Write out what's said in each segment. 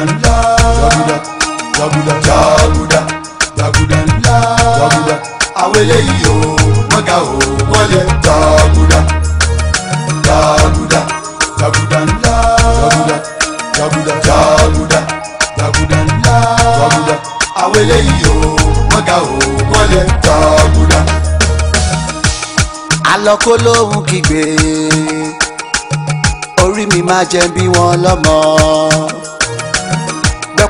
ńlá. Jaguda Jaguda Jaguda Jaguda Jaguda àwọn eléyìí o wọ́n o wọ́n Jaguda Jaguda Jaguda Jaguda Jaguda Jaguda Jaguda ńlá. Jaguda àwọn eléyìí o wọ́n o wọ́n Jaguda. Àlọ́kó lóhùn kígbe orí mi máa jẹ bí wọn lọ́mọ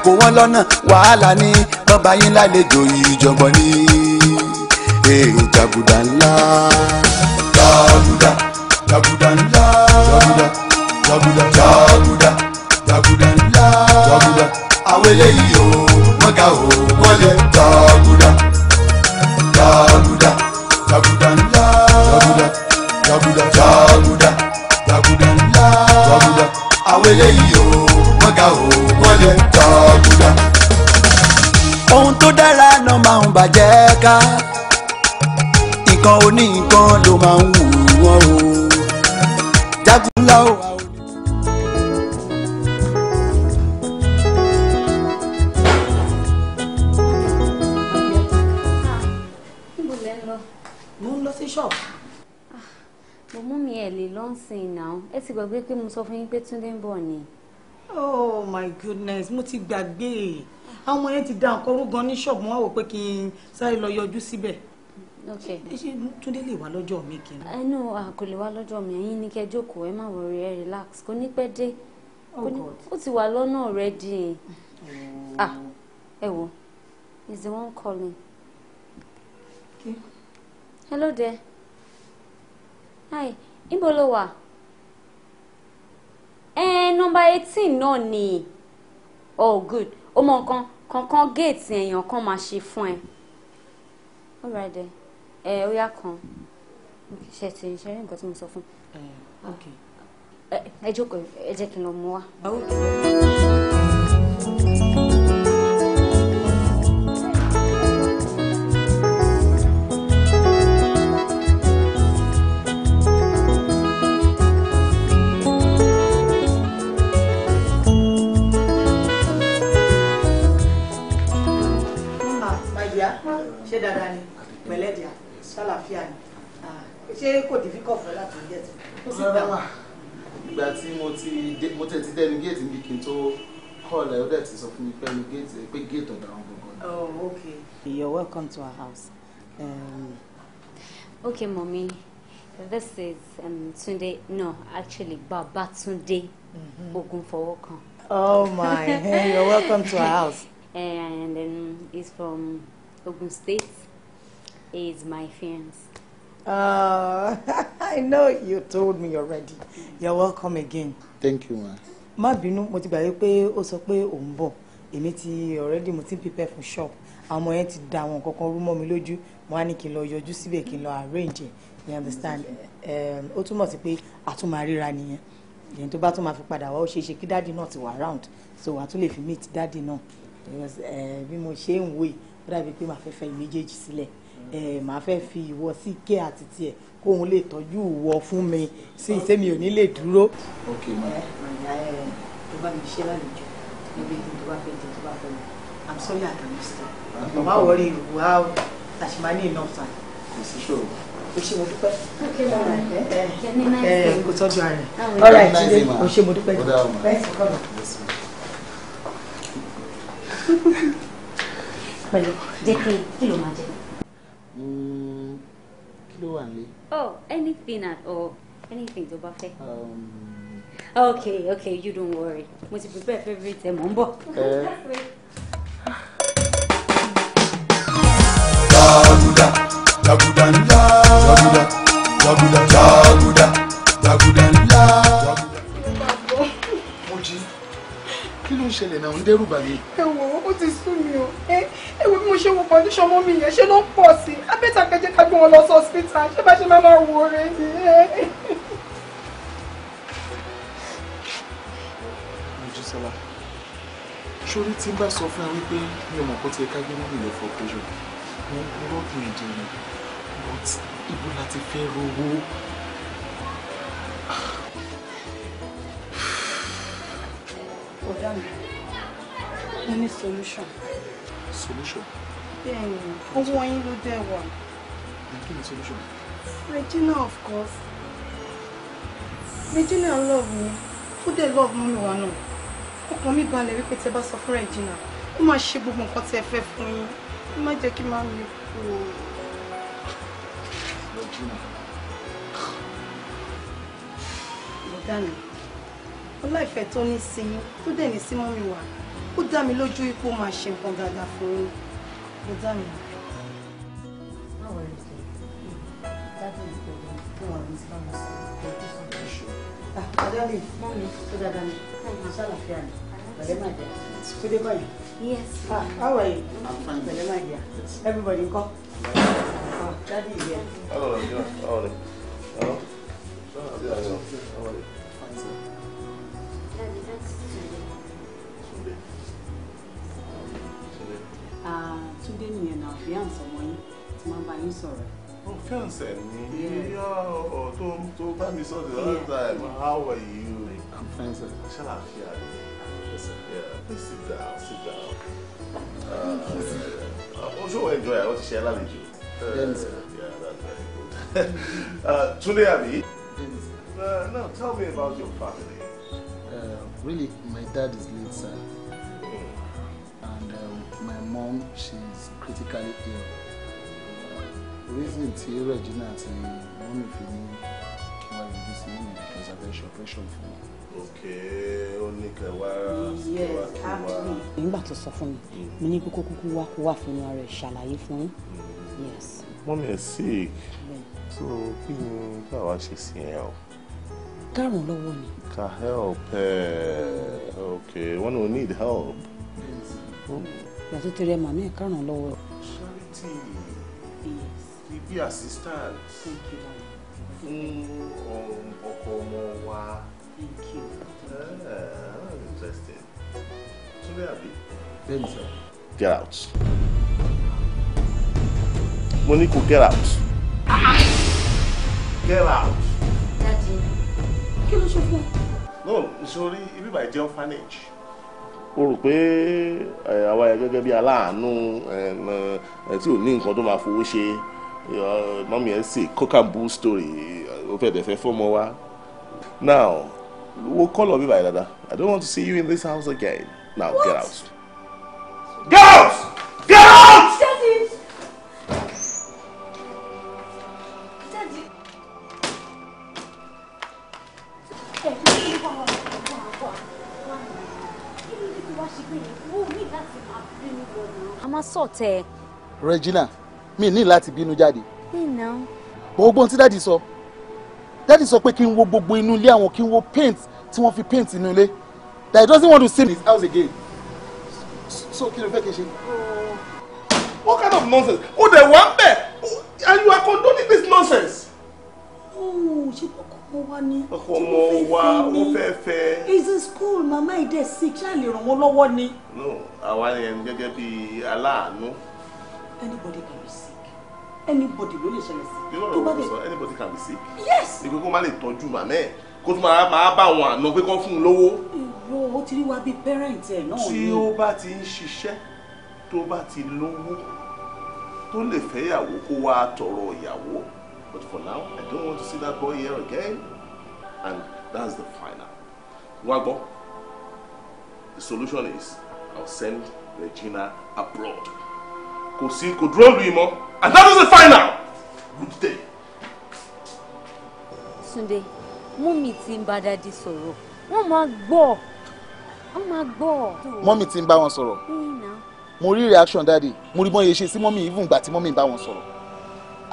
kó wọn lọ́nà wàhálà ní bọ́ba yín lálejò ìjọ̀gbọ̀n ní èrò jàgùdà ńlá. jàgùdà jàgùdà ńlá. jàgùdà jàgùdà jàgùdà jàgùdà ńlá. jàgùdà àwọn eléyìí o wọ́n ga o wọ́n lè jàgùdà jàgùdà jàgùdà ńlá. jàgùdà jàgùdà jàgùdà jàgùdà ńlá. jàgùdà àwọn eléyìí o ga o wọ́n lè tọ́gùdà. ohun tó dára náà máa ń bàjẹ́ ká nǹkan oní nǹkan ló máa ń wù wọ́n o jágúnlá ah, mo mú mi ẹ̀ lè lọ́nsìn náà ẹ ti gbàgbé pé mo sọ fún yín pé Túndé ń bọ̀ ni oh my goodness mo ti gbàgbé àwọn yẹn ti da nǹkan rú gan ní ṣọ́ọ̀bù wọn wò pé kí n sáré lọ yọjú síbẹ̀ ṣé túndé lè wá lọ́jọ́ mi kí n. ẹnu kò lè wá lọ́jọ́ mi ẹ̀yin ní kẹ́ jókòó ẹ má wọrí ẹ relax kò ní pẹ́ dé oh ó ti wà lọ́nà rẹ dín oh. ah ẹ wo is the one calling. Okay. hello there hi ibo lo wà ẹ nọmba eighteen náà ni oh good ó mọ nǹkan kankan géètì èèyàn kan máa ṣe fún ẹ alright ẹ ó yá kan ṣe ti ṣe rí nǹkan tí mo sọ fún ẹ jókòó ẹ jẹ́ kí n lọ mú wa. to our house. Um, okay, mommy. This is um, Tunde. No, actually, Baba Tunde mm-hmm. Oh my! hey, you're welcome to our house. And um, he's from Ogun State. He's my fiance. Uh, I know you told me already. You're welcome again. Thank you, ma. Ma, binu mo ti gbàgbé pé ó sọ pé òun bọ̀. Èmi ti already mo ti prepare for shop àwọn ọmọ yẹn ti da àwọn nǹkan kan rú mọ́ mi lójú mo wá ní kí n lọ yọjú síbẹ̀ kí n lọ arrange you understand ó túmọ̀ sí pé àtúmọ̀ríra nìyẹn ìyẹn tó bá tún máa fi padà wá ó ṣeé ṣe kí dáàdì náà ti wà round so wàá tún lè fi meet dáàdì náà eh, bí mo ṣe ń wòye ó dàbí pé màá fẹ́ fẹ́ méjèèjì sílẹ̀ eh, màá fẹ́ fi ìwọ sí ike àti tiẹ̀ kó òun lè tọ́jú ìwọ fún mi sí ìsẹ́mi ò ní lè dúró. ok ma ẹ eh, tó bá mi ṣe lálejò níbi tó bá fẹ́ jẹ tó bá fẹ́ mi i'm sorry i can't stay má wọrí ìwò á àṣìmá ní iná ọ̀sán. kò sí ṣòro. o ṣe mo dúpẹ́. ẹ kò tọ́jú ara rẹ̀ ọ̀rọ̀ ah, ìdílé o ṣe mo dúpẹ́. pẹ̀lú jẹ́ kí kí ló máa jẹ. Hmm, kí ló wà nílé. oh anything at all anything tó bá fẹ́. Um, okay okay you don't worry mo ti prepare favourite ẹ̀ mọ̀ ń bọ̀. Eh jaguda jaguda ńlá jaguda jaguda jaguda jaguda ńlá. mo jí kí ló ń ṣẹlẹ̀ náà ń dẹ́rù bà ẹ wo ó ti sú mi o ẹ wo bí mo ṣe wo condition mọ́ mi yẹn ṣé ló ń pọ̀ sí i abẹ́tà kẹjẹ ká gbé wọn lọ sí hospital ṣé bá ṣe máa máa wo rẹ ni. Mojísọ́lá ṣorí tí n bá sọ fún ẹ wípé mi ò mọ̀ kó ti ká gbé mọ́mì lọ fọ́ pẹ́jọ́ ní lọ́dún ìjìnlẹ̀ but ibo la ti fẹ́ rówó. ọ̀dà mi mo ní solution. solution. bẹ́ẹ̀ ni owó yín ló dẹ̀ wà. kí ni solution. regina of course regina love mi ó dẹ̀ love mú mi wá náà ọkàn mi balẹ̀ wípé tẹ bá sọ fún regina ó máa ṣe gbogbo nǹkan tẹ fẹ́ fún yín má jẹ́ kí má mi kú o. bọ̀dá ọlá ìfẹ́ tó ní sí tó dẹ̀ ní sí mọ́mí wa ó dá mi lójú ipò máa ṣe nǹkan dáadáa fún yín bọ̀dá mi. Ah, Adali, tó dáadáa ni, ṣáà láfíà ni, bàdé máa jẹ, báyìí. Yes. Ah, how are you? I'm fine. Hello, my dear. Everybody, come. Ah, Daddy is here. Hello, Hello. Hello. Hello. Hello. How are you? Hello. Hello. Daddy, that's Tunde. Tunde. Tunde. Ah, Tunde nìyẹn náà fiance ọmọ yín tí máa ń bá yín sọ̀rọ̀. Oh, fiance ni. Yeah. Oh, tó tó bá mi sọ̀rọ̀ the other time. How are you? I'm fine, sir. Ṣé àlàáfíà ni? Listen, yeah, please sit down, sit down. Uh, uh I'm sure enjoy. I want to share that with you. Uh, yeah, that's very good. uh, today, Abi, uh, now tell me about your family. Uh, really, my dad is late, sir. Hmm. And uh, my mom, she's critically ill. Reason tí Regina àti mọ́mí fi ní wá ìdí sí ìrìn àjọṣàfẹ́ṣọ operation fún mi nígbà tó sọ fún mi mi mm. ní kókó kúkú wá kó wà fún ara ẹ ṣàlàyé fún yín. mọ́mí ẹ̀ sick so kí ni bá wa ṣe sí ẹ o. kárùn lọ́wọ́ ni. ka help ẹ ok One who need help. Hmm. ìgbà tó tẹ̀lé màmí ẹ̀ kárùn lọ́wọ́. charity ibi assistance fún um, ọkọ ọmọ wa being killed. Ah, I'm interested. Tunde Abi. Bẹ́ẹ̀ni sir. Get out. Mo get out. Get out. Daddy, kí ló ṣe fún ọ? No, nítorí ibi by jẹ́ orphanage ó rò pé eh, àwa yẹn gẹ́gẹ́ bí aláàánú eh, eh, tí ò ní nǹkan tó máa fowó ṣe mọ́mí ẹ̀ ń sè and bull story ó fẹ́ dẹ̀ fẹ́ fọ́mọ wa now wo kọ́lọ̀ mi by dada I don't want to see you in this house again now What? get out. Get out! Get out! Daddy. Daddy. a máa sọ Regina Me ní lati binu jáde. mi náà. gbogbo ohun tí dáàdi So dádì sọ pé kí n wo gbogbo inú ilé àwọn kí n wo paint tí wọ́n fi paint inú ilé that he doesn't want to see his house again so kí ló fẹ́ kí n ṣe. what kind of nonsense o dey wan bẹ and you are condoning this nonsense. ooo ṣe kókó ọmọ wa ni ọkọ ọmọ wa fẹ́ fẹ́. is in school mama ide sick ṣáà lè ràn wọ́n lọ́wọ́ ni. no àwa ni ẹni gẹ́gẹ́ bíi aláàánú. anybody can receive anybody ló lè ṣẹlẹ̀ sí. nínú ọ̀rọ̀ ọ̀rọ̀ sọ anybody can be sick. yes. ìgbé kó má lè tọ́jú màmá ẹ̀ kó tún máa bá àwọn àna pé kán fún un lówó. ìró ó ti rí wa bíi parent ẹ̀ náà ni. tí ó bá ti ń ṣiṣẹ́ tó bá ti lówó tó lè fẹ́yàwó kó wá tọrọ ìyàwó but for now I don't want to see that boy here again and that's the final. wá gbọ́ the solution is I'll send Regina abroad kò sí kò dúró lu ìmọ̀. And that is the final. Good day. Sunday, mọ́mì tí ń bá dádì sọ̀rọ̀, wọ́n máa gbọ́. Wọ́n máa gbọ́. Mọ́mì tí ń bá wọn sọ̀rọ̀. Mo rí reaction Daddy. mo rí bọ́n yẹn ṣe sí mọ́mì even ìgbà tí mọ́mì bá wọn sọ̀rọ̀.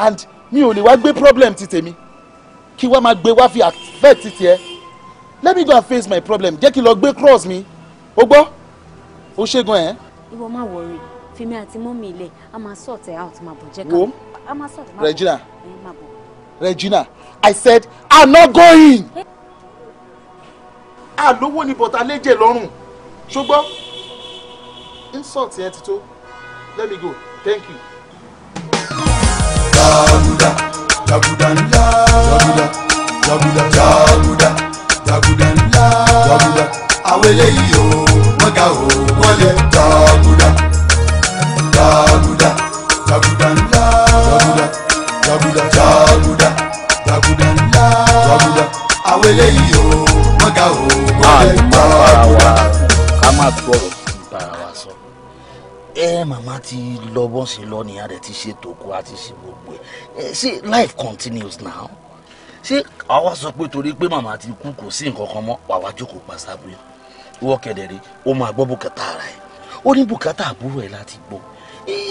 And mi ò lè wá gbé problem ti tèmi kí wá máa gbé wá fi affect ti tiẹ̀. Let me go and face my problem. Jẹ́ kí n lọ cross mi. O gbọ́? O ṣe gan ẹ̀. Ìwọ worry fèmí àti mọ́mì ilẹ̀ a máa sort it out máa bọ̀ jẹ́ ká a Regina Regina I said I'm not going. àlówó ni bọ̀tà léjè lọ́rùn ṣùgbọ́n insult yẹn ti tó let me go thank you. Jaguda Jaguda ńlá Jaguda Jaguda Jaguda Jaguda ńlá Jaguda àwọn eléyìí o wọ́n ga o wọ́n lè Jaguda jàgùdà ńlá jàgùdà jàgùdà jàgùdà jàgùdà ńlá jàgùdà àwọn eléyìí o wọ́n ga o wọ́n lè gbọ́ àwa ká má gbọ́rọ̀ bára wa sọ ẹ màmá ti lọ bọ́n sí lọ nìyá rẹ̀ ti ṣe tòkó àti ṣe gbogbo ẹ ṣe life continues now ṣé àwa sọ pé torí pé màmá ti kú kò sí nǹkan kan mọ́ wàá wá jókòó pa sábúrò ìwọ kẹ̀dẹ̀ rẹ̀ ó máa gbọ́ bùkátà ara ẹ̀ ó ní bùkátà àbúrò ẹ̀ láti gbọ́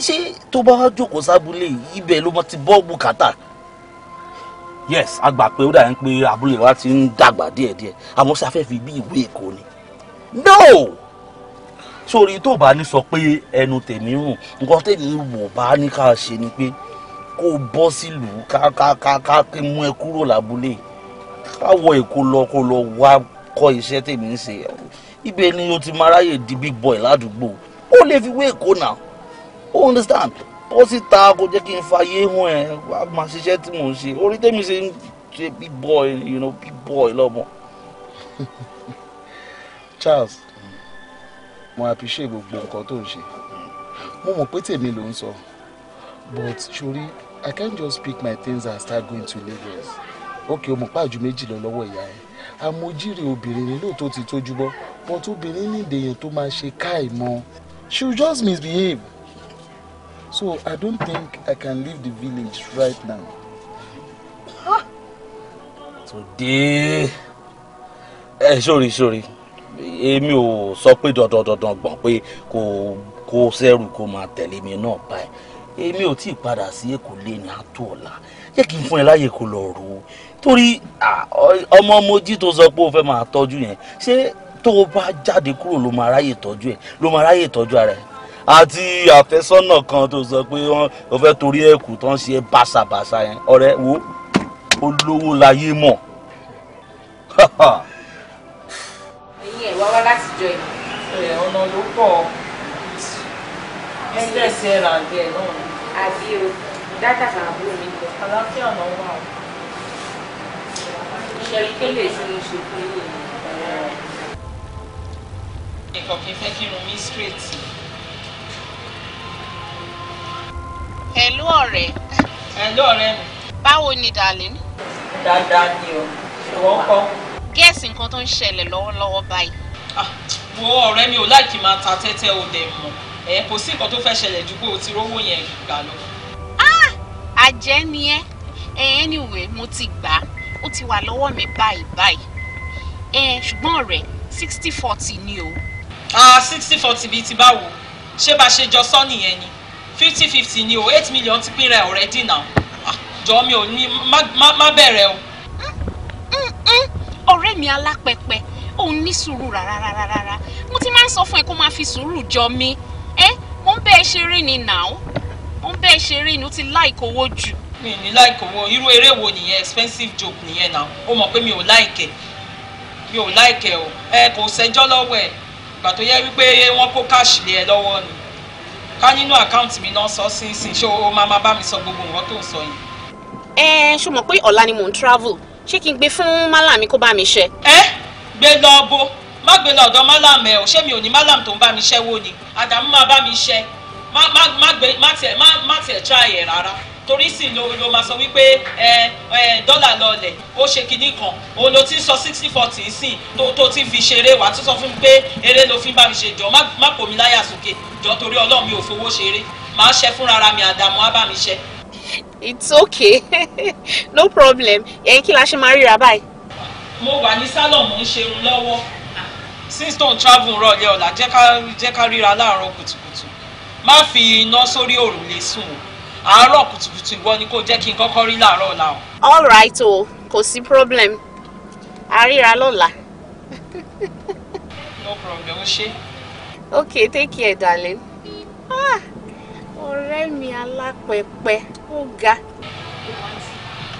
ṣé tó bá jókòó sábúlé ibẹ̀ ló mọ ti bọ́ bùkátà. yes a gbà pé ó dà ń pé abúlé wa ti ń dàgbà díẹ̀díẹ̀ àmọ́ sí afẹ́fẹ́ bí ìwé èkó ni. no sórí tó bá ní sọ pé ẹnu tèmi rùn nǹkan tèmi wò bá ní ká ṣe ni pé kó bọ́ sílùú ká ká ká ká kí mú ẹ kúrò lábúlé ká wọ èkó lọ kó lọ wá kọ́ iṣẹ́ tèmi ń ṣe ibẹ̀ ni o ti máa ráyè di big boy ládùúgbò ó lè fi wé èkó náà o oh, understand bọ́ síta kò jẹ́ kí n fàyè hàn ẹ̀ wàá máa ṣiṣẹ́ tí mò ń ṣe orí tèmi ṣe ń ṣe big boy you know big boy lọ́mọ. Charles mo appreciate gbogbo nǹkan tó ń ṣe mo mọ̀ pé tèmi ló ń sọ but sori I can't just pick my things and start going to Lagos okay o mọ̀ pàjù méjì lọ lọ́wọ́ ìyá ẹ̀ amójírè obìnrin ni lóòótọ́ ti tójú bọ́ but obìnrin ní ìdèyàn tó máa ṣe káì mọ́ she will just misbehave. So I don't think I can leave the village right now. Ah! Today, eh, sorry, sorry. Èmi ò sọ pé dandan dandan gbọ̀n pé kò kó sẹ́rù kó máa tẹ̀lé mi náà báyìí. Èmi ò tíì padà sí Èkó lé ní àtò ọ̀la. Jẹ́ kí n fún ẹ láyè kó lọ rò ó. Torí ọmọ mojí tó sọ pé o fẹ́ máa tọ́jú yẹn. Ṣé tó o bá jáde kúrò ló máa ráyè tọ́jú ẹ̀ ló máa ráyè tọ́jú ara ẹ̀? àti àfẹ́sọ́nà kan tó sọ pé wọ́n ò fẹ́ torí ẹ̀kú tó ń ṣe bàṣàbàṣà yẹn ọ̀rẹ́ wo olówó láyé mọ̀. ẹ̀yin ẹ̀ wá wá láti jọ ẹ̀. ẹ̀ ọ̀nà ló pọ̀ ẹ̀ńdẹ̀sì ẹ̀ là ń bẹ̀ náà. àbí o dátà sàbúrò mi lọ. àlàáfíà náà wà o. ìṣẹ̀lẹ̀ kélé tí mo ṣe fún yìí nǹkan kí n fẹ́ kí n rún mi straight. Hello ọ̀rẹ́. Hello ọ̀rẹ́ mi. Báwo ni darling? Dáadáa ni o, ìwọ ń kọ́. Gẹ́ẹ̀sì nǹkan tó ń ṣẹlẹ̀ lọ́wọ́lọ́wọ́ báyìí. Ah, wo ọ̀rẹ́ mi ò láìkí máa ta tẹ́tẹ́ o dẹ̀ mọ̀. Ẹ kò sí nǹkan tó fẹ́ ṣẹlẹ̀ ju pé o ti rówó yẹn gbà lọ. Ah, àjẹ́ ni ẹ́. Anyway, mo ti gbà á. Ó ti wà lọ́wọ́ mi báyìí báyìí. Ṣùgbọ́n ọ̀rẹ́ sixty forty ni o. Ah sixty forty bíi ti báwo? Ṣé bá ṣe jọ sọ́ nìyẹn ni? fifty fifty ni o eight million ti pínra ẹ̀ already now ah, jọ mi ò ní má bẹ̀rẹ̀ o. ọ̀rẹ́ mi alápẹ̀pẹ̀ òun ní sùúrù rárárárá mo ti máa ń sọ fún ẹ kó máa fi sùúrù jọ mi ẹ mo ń bẹ́ ẹ ṣeré ni now mo ń bẹ́ ẹ ṣeré ni ó ti láìkó owó jù. mi ní láìkó owó irú eré wo nìyẹn expensive joke nìyẹn náà ó mọ̀ pé mi ò láìkẹ̀ mi ò láìkẹ̀ o ẹ kò sẹ́jọ́ lọ́wọ́ ẹ̀ ìgbà tó yẹ wípé wọ́n kó káàṣì lé ẹ lọ́wọ́ ni ká nínú àkáǹtì mi náà sọ sínsìn ṣé o máa máa bá mi sọ gbogbo nǹkan tó ń sọ yìí. ẹ ṣó mọ̀ pé ọ̀la ni mò ń travel ṣé kí n gbé fún málàmí kó bá mi ṣe. ẹ gbé lọ bo má gbé lọ ọ̀dọ̀ málàmí ẹ ò ṣé mi ò ní málàmí tó ń bá mi ṣẹ́wó ni àdàmú máa bá mi ṣe má tiẹ̀ try ẹ̀ rárá torí sì ló ló máa sọ wípé ẹ ẹ dọ́là lọlẹ̀ ó ṣe kinní kan òun ló ti sọ sixty forty sí tó tó ti fi ṣeré wàá tó sọ fún mi pé eré ló fi bá mi ṣe jọ má pò mí láyà sókè jọ torí ọlọ́run mi ò fowó ṣeré màá ṣe fúnra mi àdàmú á bá mi ṣe. it's okay no problem ẹ̀yin kí la ṣe máa ríra báyìí. mo wà ní salon ń ṣerun lọ́wọ́ since tó ń travel rọ̀lẹ́ ọ̀la jẹ́ ká ríra láàárọ̀ kùtùkùtù má fi iná sórí òrùlé sùn o àárọ̀ kùtùkùtù ìwọ ni kò jẹ́ kí n kọ́kọ́ rí láàárọ̀ ọ̀la all right o kò sí problem àríra lọ́la. no problem o ṣe. ok take care darling. ah ọ̀rẹ́ mi alápẹ̀pẹ̀ ó ga.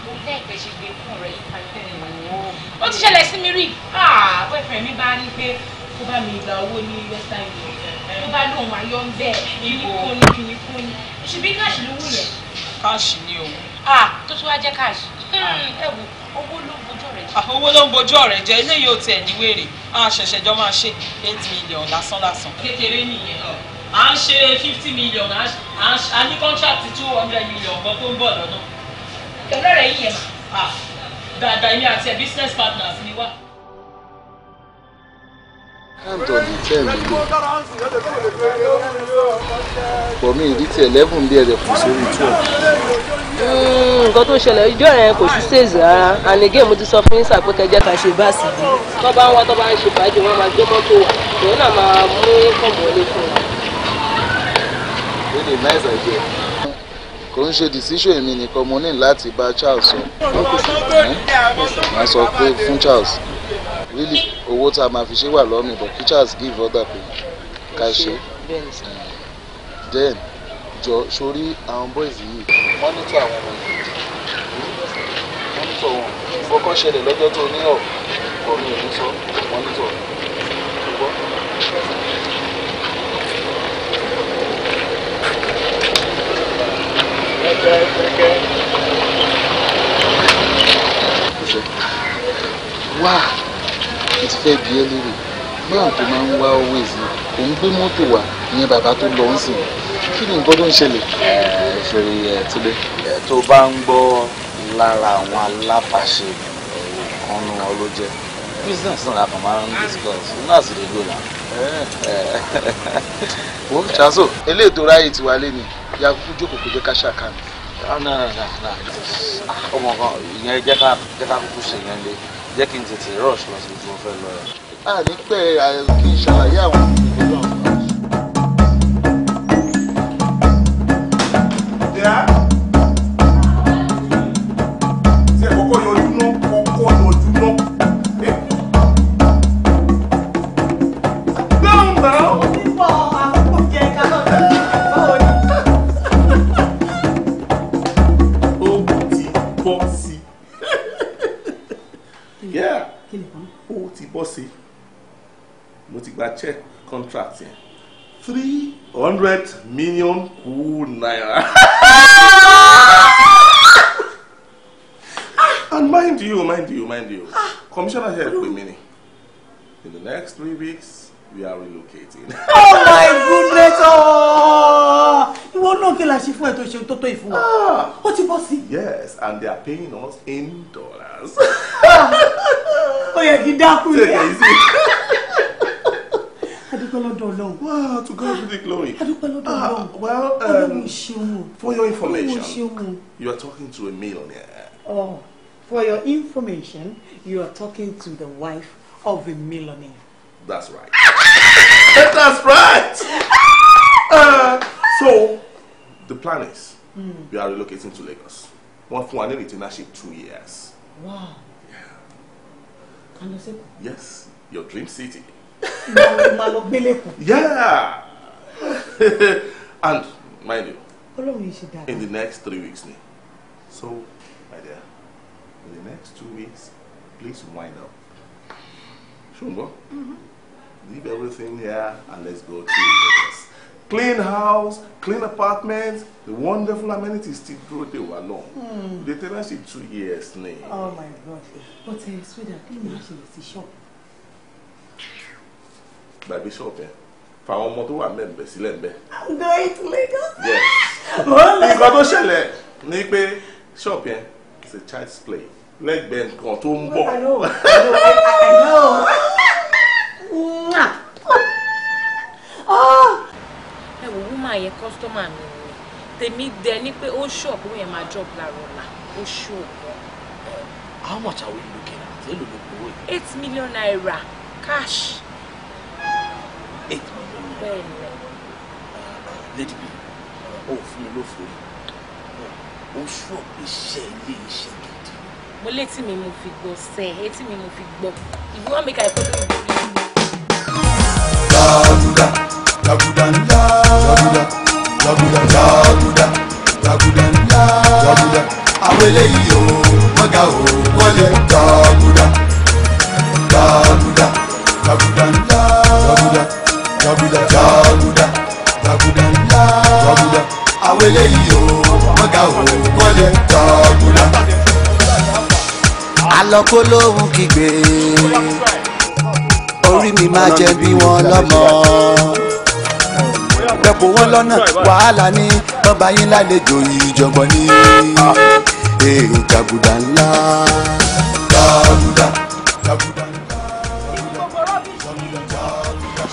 mo fẹ́ ìpè ṣe gbé fún ọ̀rẹ́ yìí kàlẹ́ ẹ̀ wò ó. ó ti ṣẹlẹ̀ sí mi rí. ah boyfriend mi bá ní pé kó bá mi gba owó ní western union tó bá lóun ayọ ń bẹ kìnnìkún ní kìnnìkún ní ṣùgbọ́n káàṣì lówó yẹn. káàṣì ni o. ah tó tún wá jẹ́ káàṣì ẹ wò owó ló ń bojú ọ̀rẹ́ jẹ́. Ah, owó ló ń bojú ọ̀rẹ́ jẹ́ eléyìí ò tiẹ̀ ní a ṣẹ̀ṣẹ̀ jọ máa ṣe eight million lásán lásán. kékeré nìyẹn à ń ṣe fifty million à ní contract two hundred million kan tó ń bọ̀ lọ́nà. ọ̀rẹ́ rẹ̀ yìí yẹn mà. Ah, dáadáa èmi àti ẹ̀ business partners ni wá. For me, it's eleven bí ẹ̀rẹ̀ kù sórí twelve. Nǹkan tó ṣẹlẹ̀ ijó yẹn kò sí sèzì rárá and again mo ti sọ fún Ísà pé kẹjẹ́ ká ṣe báàsì bí. Tọ́ bá ń wá tọ́ bá ń ṣe fàájì wọn máa gbé mọ́tò wá òun náà máa mú kọ̀mọ́ ilé fún wa. Really nice idea. Kò ń ṣe decision èmi nìkan mo ní láti bá Charles sọ. Wọ́n sọ pé fún Charles really owó tá a máa fi ṣe wà lọ́mì but teachers give other people ká ṣe then jọ sórí àwọn boys yìí monitor àwọn ọmọ yìí monitor wọn kọ́kọ́ ṣẹlẹ̀ lọ́jọ́ tó ní ọ̀ kọ́ mi ò ní sọ monitor ṣùgbọ́n. Okay, okay. Wow mo ti fẹ́ bi ẹ́ lérè brown tó máa ń wá always òun gbé mọ́tò wá ìyẹn bàbá tó lọ ń sìn kí ni nǹkan tó ń ṣẹlẹ̀. ẹ ẹ ṣe ẹ tílé tó bá ń gbọ́ lára àwọn alábàáṣe ọ̀nà wọn ló jẹ́ business náà kàn máa ń discuss iná sì lè gbé náà. ó ṣàṣọ eléyìí tó ráyè tiwa lé ni ya kúkú jókòó kó jẹ́ ká ṣàkàmì. ọmọ kan ìyẹn jẹ́ ká kúkú ṣe yẹn lé jẹ́ kí n tètè rush lọ sí ibi tí a ní pẹ́ eh, kí n ṣàlàyé àwọn ìgbésẹ̀. paying us in dollars. ó yẹ kí dákú ni. adúpẹ́ lọ́dọ̀ ọlọ́run. wow to God be the glory. adúpẹ́ lọ́dọ̀ ọlọ́run. well um, for your information you are talking to a millionaire. oh for your information you are talking to the wife of a millionaire. that's right. that's right. uh, so the plan is mm. we are relocating to Lagos wọ́n fún wa ní retainership two years. wow yeah. and you yes your dream city. ma lọ gbélé kù. yeah and mind you. Ọlọ́run yìí ṣe dáadáa. in the next three weeks ni so my dear in the next two weeks please wind up. ṣùgbọ́n mm-hmm. leave everything here and let's go to Lagos clean house clean apartment the wonderful amenities still dúró dè wá náà hmm. the tenancy two years ni. oh my god but uh, sweden kí ni màá ṣẹlẹ̀ sí ṣọ́ọ̀bù. gbàgbé shop yẹn For our mother, wà mẹ́ẹ̀mbẹ̀ sílẹ̀ i'm going to Lagos. yes oh, nǹkan tó ṣẹlẹ̀ ni pé shop yẹn it's a child's play Leg nǹkan tó ń bọ̀. i know i know. yẹn kọ́sítọ́mà mi ni tèmi dẹ ni pé ó ṣọ̀ yẹn máa jọ̀ láàrọ̀ là ó ṣọ̀ how much are we looking at èlò ló gbowó yìí. eight million naira cash. eight million naira bẹ́ẹ̀ ni. Uh, lady b ó fún mi lófo yìí ó ṣọ̀ pé ṣe ilé iṣẹ́ gidi. mo létí mi mo fi gbọ́ sẹ́ etí mi mo fi gbọ́ if you wan make i follow you jaguda jaguda jaguda jaguda àwọn eléyìí o wọ́n ga o wọ́n lè jaguda jaguda jaguda jaguda jaguda jaguda jaguda jaguda àwọn eléyìí o wọ́n ga o wọ́n lè jaguda. alọ́kọ́ lóhun kígbe orí mi máa jẹ bí wọ́n lọ́mọ fẹ́ kó wọ́n lọ́nà wàhálà ni bọ́ba yín lálejò ìjọ̀gbọ̀n ni èrò jàgùdà ńlá. jàgùdà jàgùdà ńlá.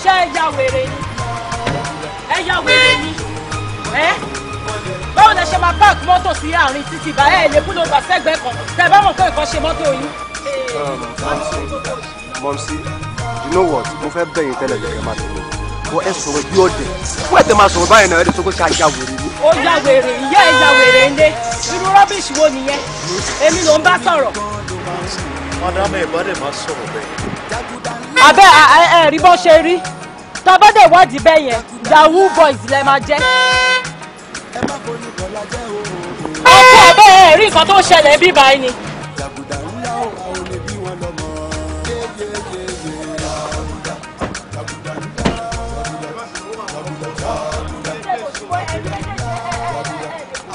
ṣé ẹ ya wèrè ni ẹ ya wèrè ni ẹ báwo lẹ ṣe máa páàkì mọ́tò sí àárín títì bá ẹ lè kúlò bá sẹ́gbẹ̀ẹ́ kan tẹ bá mọ̀ pé nǹkan ṣe mọ́tò yín. mọ̀mùsí you know what mo fẹ́ bẹ̀yìn tẹ́lẹ̀ lẹ́yìn máa tẹ̀lé ẹ̀kọ́ ẹ sọ̀rọ̀ bí ọ̀dẹ̀ fún ẹ̀tẹ̀ máa sọ̀rọ̀ báyìí náà ẹ̀ tó kó ká ya wèrè ni. ó ya wèrè ìyá ẹ̀ ya wèrè ń irú rọ́bìṣì wo nìyẹn èmi ló ń bá sọ̀rọ̀. madam ẹ bá dẹ̀ máa sọ̀rọ̀ bẹ́ẹ̀. abẹ́ ẹ̀rí ṣe rí tọ́bọ́dẹ̀ ìwádìí bẹ́ẹ̀ yẹn yahoo boys lẹ máa jẹ́. ọkọ̀ bẹ́ẹ̀ rí nǹkan tó ṣẹlẹ̀ bíbá ẹni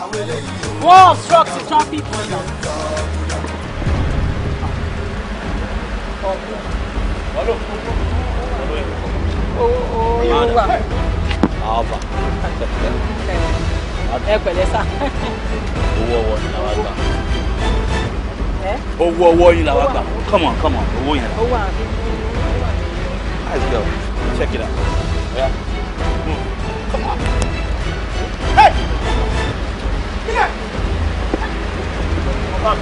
wọ́n obstruct traffic. ẹ pẹ̀lẹ́ sá. oh, ọwọ́ ni làwa gbà. owó ọwọ́ yín làwa gbà come on come on owó yẹn. owó àfi. nice girl check it out. Yeah. Mm. Move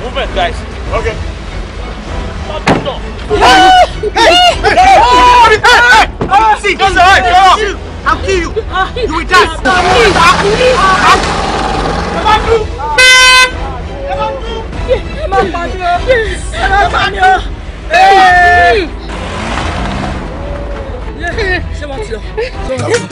Movement, guys. Okay. Stop, stop. Stop Stop Hey! ohun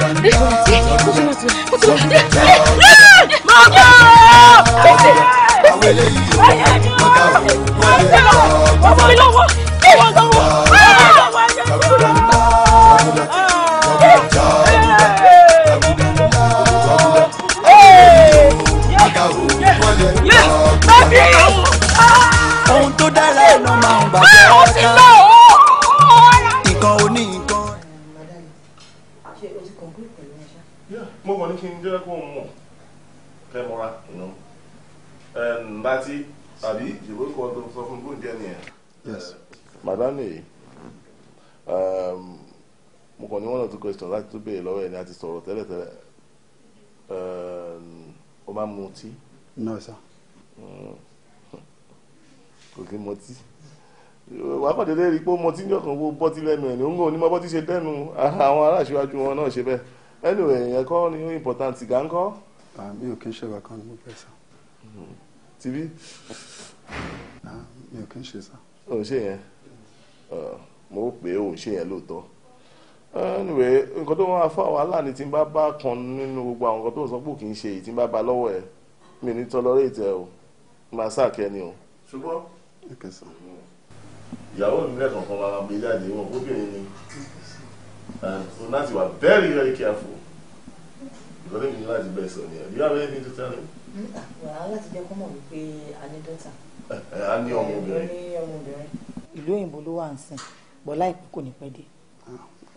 tó dára ló máa ń gbàgbọ́ ọ̀tá. ní kí n jẹ́ kó mọ̀ kẹ́ mọ́ra inú bàtí àbí ìwé kan tó sọ fún gbòǹjẹ nìyẹn. madam ni mo kàn ní one or two questions láti tún béèrè lọ́wọ́ ẹ̀ ni a ti sọ̀rọ̀ tẹ́lẹ̀tẹ́lẹ̀ o máa mu ọtí. no sir. Hmm. kò kí mu ọtí wà á kàn déédéé rí i pé mo ti ń jọkàn wo bọ́tí lẹ́nu ẹ̀ ní òun kò ní mọ bọ́tí ṣe dẹ́nu àwọn aráàṣíwájú wọn náà ṣe bẹ́ẹ̀ ẹlò ẹ̀yìn ẹ̀kọ́ ni ó important sìgá ń kọ́. mi ò kí ń ṣẹ̀wà kan ni mo fẹ́ sá. tibí. mi ò kí ń ṣe sá. ò ń ṣe yẹn mo pè é ò ń ṣe yẹn lóòótọ́ anyway nǹkan tó máa fọ àwọn aláàánú tí n bá bá kan nínú gbogbo àwọn nǹkan tó sọ pé kì í ṣe èyí tí n bá ba lọ́wọ́ ẹ̀ mi ní tolerate ẹ o máa sáàkì ẹni o. ṣùgbọ́n ìyàwó mi lẹ́kọ̀ọ́ kan máa gbé jáde wọn kó bìnrin ni and so you are very very careful ìrọ̀lẹ́ mi ní láti bẹ́ẹ̀ sọ ni do you have anything to tell him. wàá láti jẹ́ kó mọ̀ wípé be. ní dọ́tà. a ní ọmọbìnrin. ìlú òyìnbó ló wà ń sìn bọ́lá ìpín kò ní pẹ́ dé.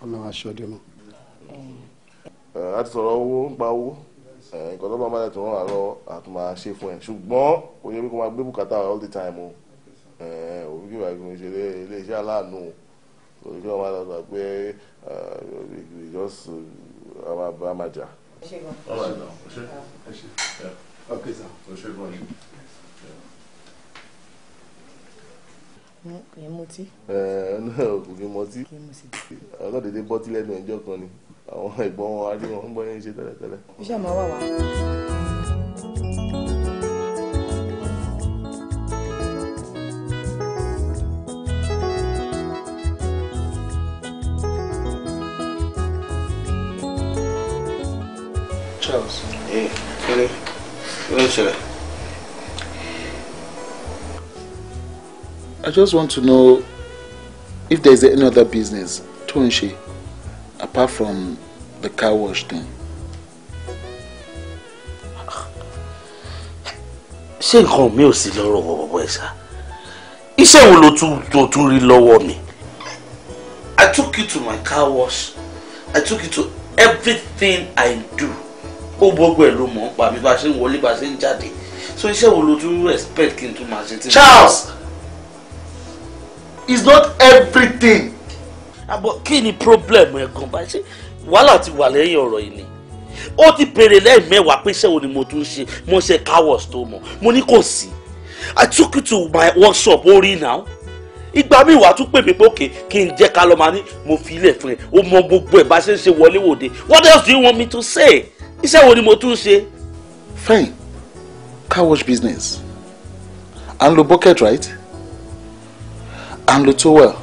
ọlọ́run aṣọ ọdẹ mọ́. a ti sọ̀rọ̀ owó ń pa owó nǹkan tó bá máa tẹ̀tọ̀ rán àlọ́ àti máa ṣe fún ẹ ṣùgbọ́n o yẹ kó máa gbé bùkátà all the time o òbí kí wàá gbé ṣe ilé iṣẹ́ aláàánú o òní kí wọ́n máa lọ sọ pé ìjọsìn àwọn àbá máa jà. kì í mutí. ọlọ́dẹ̀dẹ̀ bọ́tí lẹ́nu ẹjọ́ kan ni àwọn ẹ̀gbọ́n wọn á wọn ń gbọ́ yẹn ṣe tẹ́lẹ̀tẹ́lẹ̀. iṣẹ́ àmọ́ wà wá. What is I just want to know if there's any other business, Tunshi, apart from the car wash thing. ṣé nǹkan mi ò sí lọ́rọ̀ bọ̀bọ̀ ẹ̀ ṣá iṣẹ́ wo ló tún tó tún rí lọ́wọ́ mi. I took you to my car wash I took you to everything I do ó gbogbo ẹ̀ ló mọ̀ pa mi bá ṣe ń wọlé bá ṣe ń jáde so iṣẹ́ wo ló tún respect kí n tún máa ṣe tí. Charles is not everything. àbọ̀ kí ni problem ẹ̀ gan bá ṣe wàhálà ti wà lẹ́yìn ọ̀rọ̀ yìí ni ó ti béèrè lẹ́ẹ̀mẹ́wàá pé iṣẹ́ wo ni mo tún ṣe mo ṣe cowards tó mọ̀ mo ní kò sí I took you to my workshop orí now ìgbà mi wàá tún pè mí pé òkè kí n jẹ́ ká lọ́ọ́ máa ní mo fi ilẹ̀ fún ẹ ó mọ gbogbo ẹ̀ bá ṣe ń ṣe wọléwòde what else do you want me to say? iṣẹ́ wo ni mo tún ṣe. fine car wash business à ń lo bucket right à ń lo towel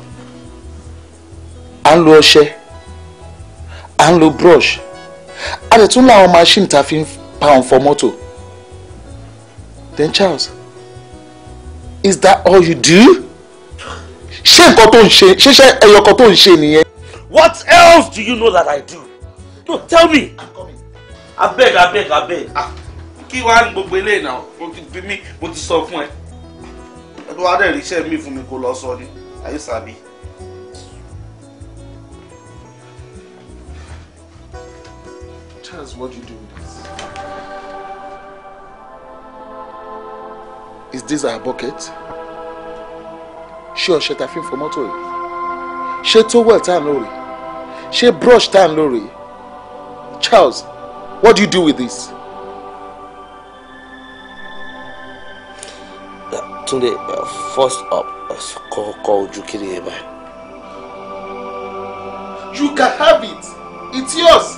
à ń lo ọṣẹ à ń lo brush a lè tún láwọn machine tá a fi ń pa òun fọ mọ́tò then Charles is that all you do? ṣé nǹkan tó ń ṣe ṣíṣe ẹyọkan tó ń ṣe nìyẹn. what else do you know that I do? no tell me. I'm coming abeg abeg abeg ah, kí wàá ní gbogbo eléyìí náà mo ti bí mi mo ti sọ fún ẹ ẹni wàá dẹ̀ rí iṣẹ́ mi fún mi kó lọ sọ ni ayé sàbí. Charles, what you do Is this our bucket? Ṣé ọṣẹ ta fi ń fọ mọ́tò rẹ̀? Ṣé towel tá à Ṣé brush tá à Charles. What do you do with this? Tunde, uh, first up, call, call Jukiri You can have it. It's yours.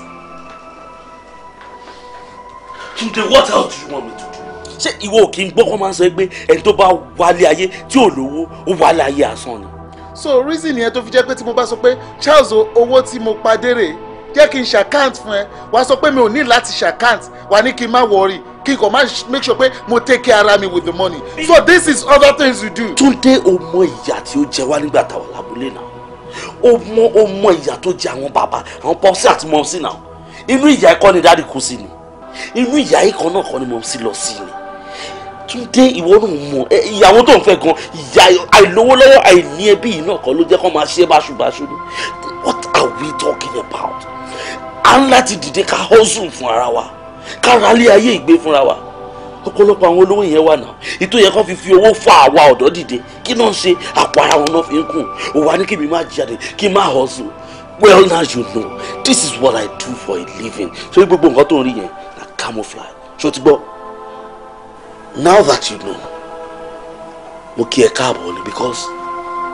Tunde, what else do you want me to do? Ṣé ìwọ ò kí ń gbọ́ kó máa ń sọ pé ẹni tó bá wálé ayé tí ò lówó ó wálé ayé asán ni? So reason yẹn tó fi jẹ́ pé tí mo bá sọ pé Charles owó tí mo pa dére jẹ́ kí n ṣàkáǹt fún ẹ wàá sọ pé mi ò ní láti ṣàkáǹt wàá ní kí n má wọrí kí n kò má make sure pé mo take care of me with the money so this is other things you do. túndé o mọ ìyà tí ó jẹ wá nígbà táwa lábúlé náà o mọ o mọ ìyà tó jẹ àwọn bàbá àwọn pọ́sí àti mọ́sí náà inú ìyà ikọ́ ni dáàdì kú sí ni inú ìyà ikọ́ náà kọ́ ni mọ́sí lọ sí ni túndé ìwọ náà mọ ìyàwó tó ń fẹ́ gan ìyà àìlówó lọ́wọ́ àìní ẹbí yìí náà kọ́ ló jẹ́ kó máa ṣe báṣubàṣu ni what are we talking about? a ń láti dìde ká hustle fún ara wa ká ralé ayé ìgbé fúnra wa ọ̀pọ̀lọpọ̀ àwọn olówó yẹn wà náà ìtò yẹ kó fi fi owó fa àwa ọ̀dọ́ dìde kí náà ṣe àpò ara wọn náà fi ń kùn òwò àníkèmí má jáde kí má hustle well now you know this is what I do for a living so gbogbo nǹkan tó ń rí yẹn na camouflage So ti gbọ́ now that you know mo kí ẹ káàbọ̀ ni because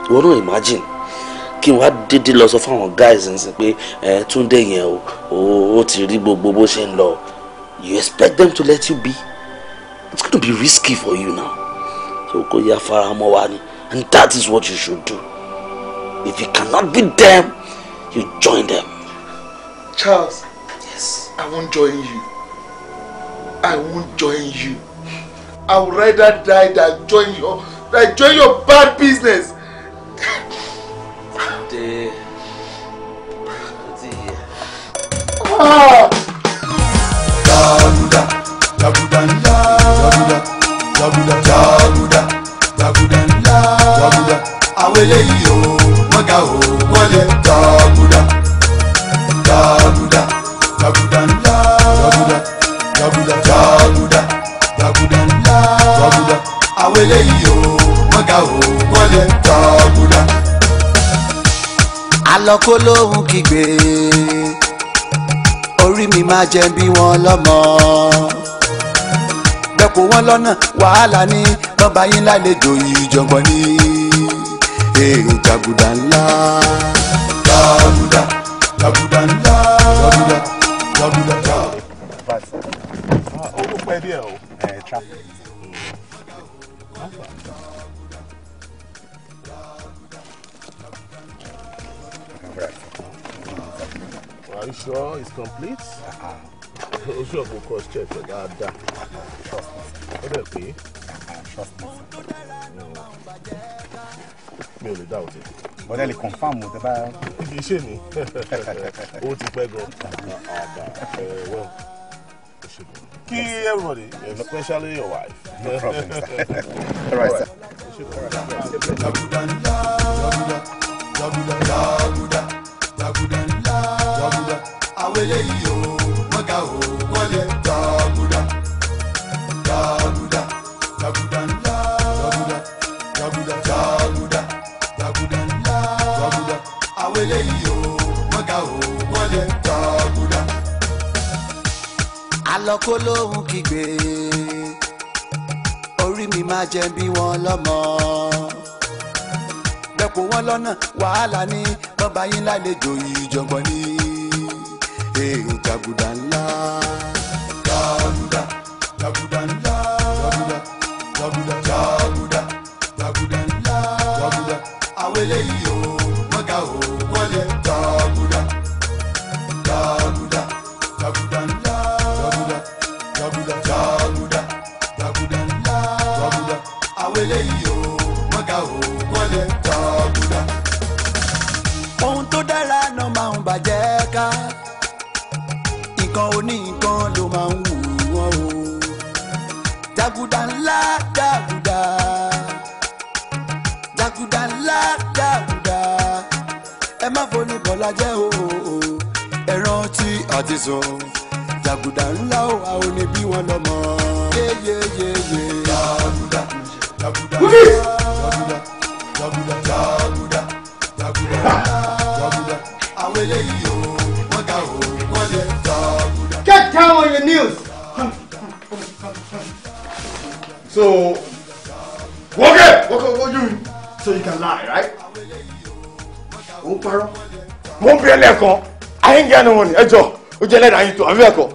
ìwọ náà imagine kí n wá dédé lọ sọ fáwọn guys ń sìn pé ẹ Túndé yẹn o ó ti rí gbogbo bó ṣe ń lọ you expect them to let you be it's gonna be risky for you now so kò yá fara mọ́ wa ni and that is what you should do if you cannot be them you join them. Charles yes I won't join you I won't join you I would rather die than join your than join your bad business. Jaguda, Jaguda ńlá. Jaguda, Jaguda, Jaguda, Jaguda ńlá. Jaguda, àwọn eléyìí o, wọ́n ga o, wọ́n lẹ. Jaguda, Jaguda, Jaguda ńlá. Jaguda, Jaguda, Jaguda, Jaguda ńlá. Jaguda, àwọn eléyìí o, wọ́n ga o, wọ́n lẹ. Jaguda. Àlọ́kọ́ lóhùn kígbe mi má jẹ́ bí wọ́n lọ́mọ. gbẹ̀kú wọn lọ́nà wàhálà ní bọ́ba yín lálejò ìjọ̀gbọ́n ní èèyàn jàgùdà ńlá. jàgùdà jàgùdà ńlá. jàgùdà jàgùdà jàgùdà. Ah, orúkọ ẹbí ẹ o. ẹ traffic. Are you sure it's complete? o sure go cross check for dáadáa. ó dẹ̀ pé. mi ò lè dá òtí. bọ́dẹ̀ lè confam o tẹ ibi iṣẹ́ ni ó ti pẹ́ gan. Eh, well kí everybody especially your wife. no problem sir. all right sir. Jaguda, Jaguda, Jaguda, Jaguda àwọn eléyìí o wọ́n ga o wọ́n lẹ̀ jàgùdà jàgùdà jàgùdà ńlá jàgùdà jàgùdà jàgùdà jàgùdà ńlá jàgùdà àwọn eléyìí o wọ́n ga o wọ́n lẹ̀ jàgùdà. alọ́kọ́ lóhùn kígbe orí mi máa jẹ bí wọn lọ́mọ dẹ́kun wọn lọ́nà wàhálà ní bọ́ba yín lálejò ìjọ̀gbọ̀n ni ee jàgùdà ńlá. jàgùdà jàgùdà zọ jàgùdà ńlá o a ò wọn lọ mọ. get down on your knees. so walk it walk You? so you can lie right. ó ń parọ́. mo ń bí ẹlẹ́kan ayé ń gẹ́nu wọn ni ẹ jọ jẹ́lẹ́dàá yín tó àbí bẹ́ẹ̀ kọ́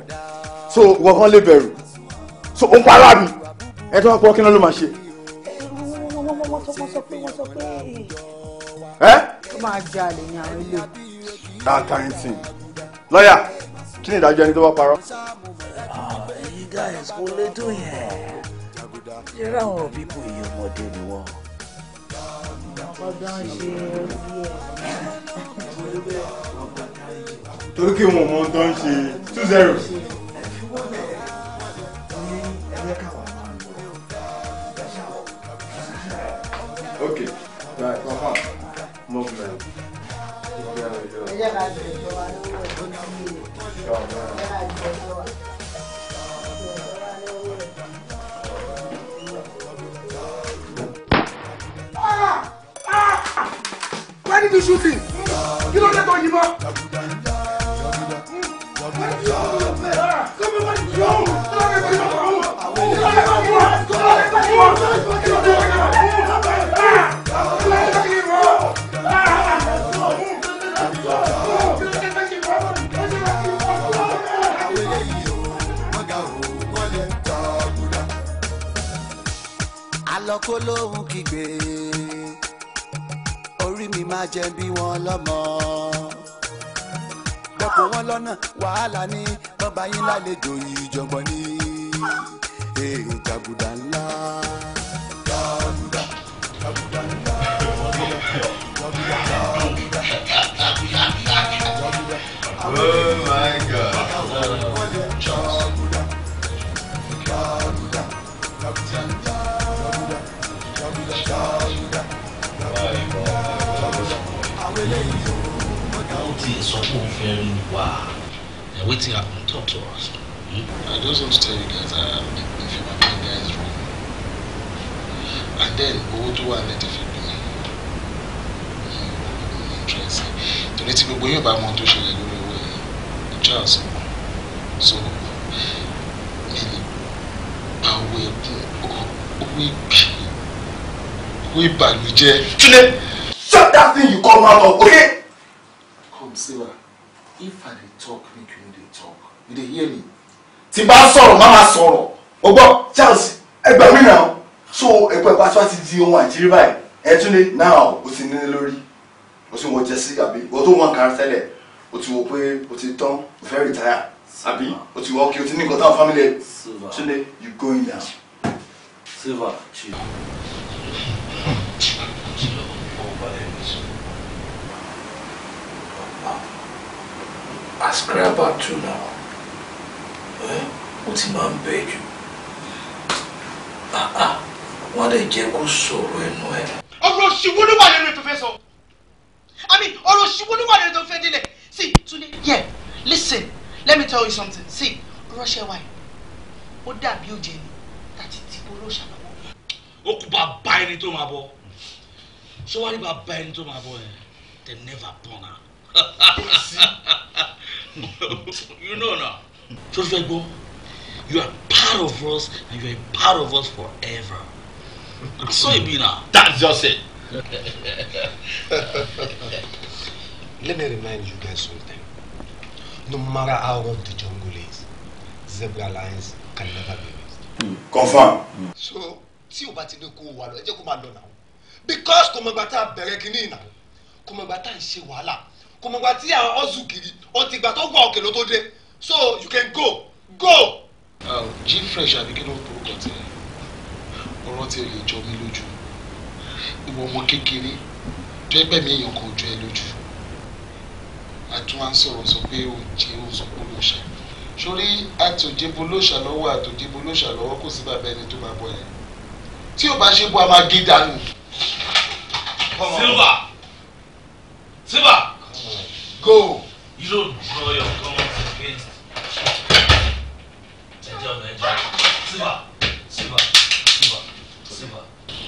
so ìwọ kan lè bẹ̀rù so ó ń parọ́ àbí ẹ tó ń pọ́ kí ló ló máa ṣe. ẹ. ó máa jalè ní àwọn ilé. that kind thing lọ́yà kí ni ìdájọ́ ẹni tó bá parọ́. ẹ̀yin guys kò lè dùn yẹn ṣé ráwọn òbí kò yẹ ọmọdé ni wọ́n. ọgbọ́n ṣe orí ẹ̀ torí wọn mọ tó ń ṣe two zero. ok right confam mo fi Why did you shoot him? You don't let on him up lọ́kọ́ lóhun kígbe orí mi máa jẹ bí wọ́n lọ́mọ wọn lọ́nà wàhálà ni bọ́ba yín lálejò ìjọ̀gbọ̀n ni èrè jàgùdà jàgùdà ńlá oh my god tiẹ̀ sọ pé òun fẹ́ rí mi wá ẹ̀ wetin happen talk to us. Hmm? I just want to tell you guys I am a favour my guys room and then owó tó wà ní ẹ̀tẹ̀fẹ̀ bí mi ní interest torí tí gbogbo yóò bá mọ tó ṣẹlẹ̀ lórí owó ẹ̀ Charles so mi lè gba owó ẹkún owó ìbí owó ìbànújẹ́. Tunde shut that thing you come out okay say if i dey talk make you no dey talk you dey hear me. tí bá sọ̀rọ̀ má má sọ̀rọ̀. o gbọ́ charles ẹgbẹ́ mi náà so ẹgbẹ́ pàṣẹ ti di ohun àjírí báyìí ẹ tún lé náà o ti ní lórí o ti wọ jẹsí àbí o tó wọn kàn tẹ́lẹ̀ o ti wọ pé o ti tán o fẹ́ rìtáyà àbí o ti wọ kí o ti ní nǹkan táwọn fámìlì ẹ tún lé you going down. silver chief. ascriber tún náà ó ti máa ń bẹ jù ah, ah. wọ́n lè jẹ́ kó sọ̀rọ̀ ẹnu ẹ̀. ọ̀rọ̀ ṣìwọ́n ló wà nínú ètò fẹ́ sọ àmì ọ̀rọ̀ ṣìwọ́n ló wà nínú ètò fẹ́ délẹ̀ see Tunde yeah listen let me tell you something see rọ́ṣẹ́ wa yìí ó dàbí òjè ni láti ti bó ló ṣàlọ́wọ́. ó kú bàbá ẹni tó máa bọ̀ ṣé wàá rí bàbá ẹni tó máa bọ̀ ẹ̀ they never born am you know now. So if I go, you are part of us and you are part of us forever. so it be now. That's just it. Let me remind you guys something. No matter how rough the jungle is, zebra lines can never be missed. Confirm. So, tí o bá ti dé kó o wà lọ, ẹ jẹ́ kó máa lọ náà. Because kò mọ̀gbà tá a bẹ̀rẹ̀ kínní náà, kò tá a ṣe wàhálà kò mọ̀ gba tí àwọn ọ̀sùn kiri ọtí ìgbà tó gba òkè ló tó dé so you can go go. jí ah, fresh àbí kí ló ń borúkọ tẹ ọ̀rọ̀ tí o lè jọ mí lójú ìwọ ọmọ kékeré tó ẹgbẹ́ mi èèyàn kan jọ ẹ lójú àtúwà ń sọ̀rọ̀ sọ pé o jẹ́ òṣùpọ̀ lóṣà sórí àtòjébó lóṣà lọ́wọ́ àtòjébó lóṣà lọ́wọ́ kò sí bàbá ẹni tó máa bọ̀ yẹn tí o bá ṣe bọ́ a máa gé dànù. silva silva go. You don't draw your wọn against. gate. ẹjẹ ọ̀nà ẹjẹ síbà síbà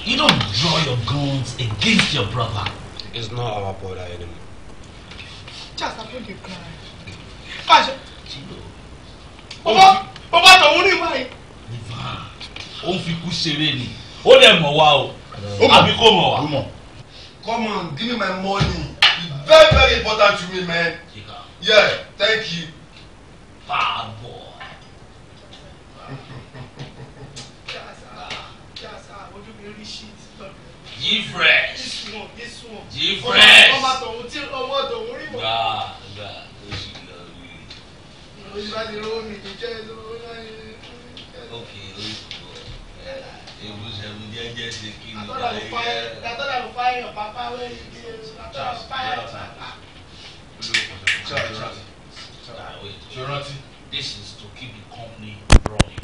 You don't draw your guns against your brother. It's not our brother anymore. Just avoid the cry. Fashion. Bàbá bàbá tọ̀hún ní báyìí. Ó ń fi kú ni. Ó dẹ̀ mọ̀ o. Àbí kò mọ̀ Come on, give me my money very very important to me man yeah thank you. bad boy. Gfresh. Gfresh. ọmọ àtọ̀hún tí ọmọ àtọ̀hún rí bọ̀. gbà gbà ó Jerusalem jẹ́ jẹ́ ṣe kí ni ayé látọ́lá This is to keep the company running.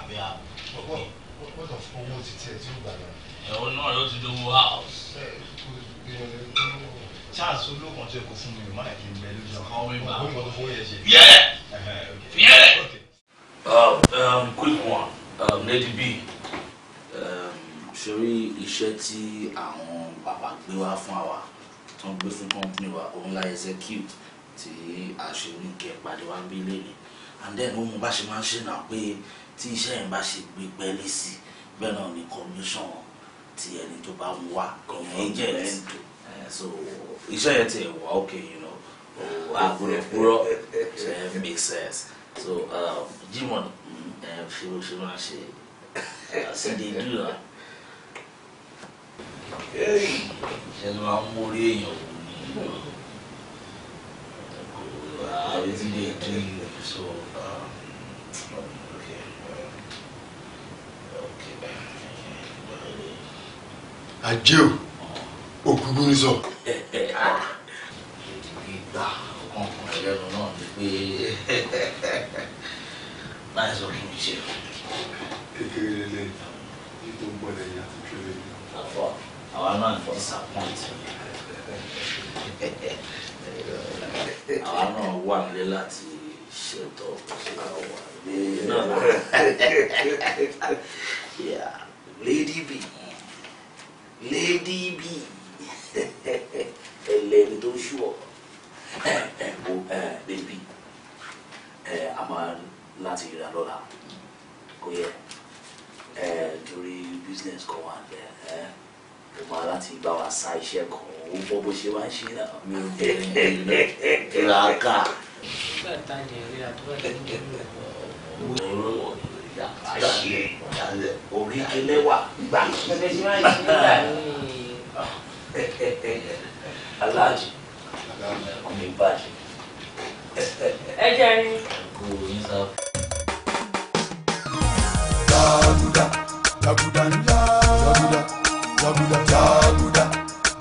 Abẹ́ àbò. What of owó ti tiẹ̀ tí ó gbà lọ? Ẹ̀hún náà ló ti dówó house. Charles olókàn tó yẹ kó fún mi, màá kì í bẹ lójú. Ọmọ ìgbà. Ọmọ ìgbà lady b. sori ehm, iṣẹ́ tí àwọn bàbá gbé wá fún àwa tó ń gbé company wa òun la execute tí a ṣe ní kẹ pàdé wá ń bí lẹ́nu and then ó mú bá ṣe máa ń ṣe náà pé tí iṣẹ́ yẹn bá ṣe gbé pẹ́ẹ́lí sí bẹ́ẹ̀ náà ni commission ti ẹni tó bá wá agent eh, so iṣẹ́ yẹn ti wà okay you know àgbọ̀rọ̀ kúrọ̀ ṣe make sense so ehm, Jimoh mm, ehm, ṣe ṣe máa ṣe altså det lyder. Ṣé ló máa ń mórí èèyàn wò ní àwọn tí lè tó so ajé o ògúngún ní sọ. ìgbà ọkàn lẹ́nu náà ni pé láìsọ kí n ṣe tó gbọ́dọ̀ yẹn àti kéré yìí. àfọ àwa náà ń disappoint àwa náà wà nílé láti ṣètò àwa nílé lady b lady b ẹlẹ́ni tó ń ṣùwọ̀ lady b ẹ̀ a máa láti ríra kò yẹ torí business kan wà lẹ́ ó máa láti bá wa sa iṣẹ́ kan ó mọ bó ṣe máa ń ṣe náà mi ò rà á kà. nígbà tá a yẹ rí àtúbàdé ní ìlú ọ̀hún. orí kílẹ̀ wà gbà. aláàjì ọmọ ìbàjẹ́. ẹ jẹ́ ẹni. kò ní sáfù. Jaguda, Jaguda ńlá. Jaguda, Jaguda, Jaguda,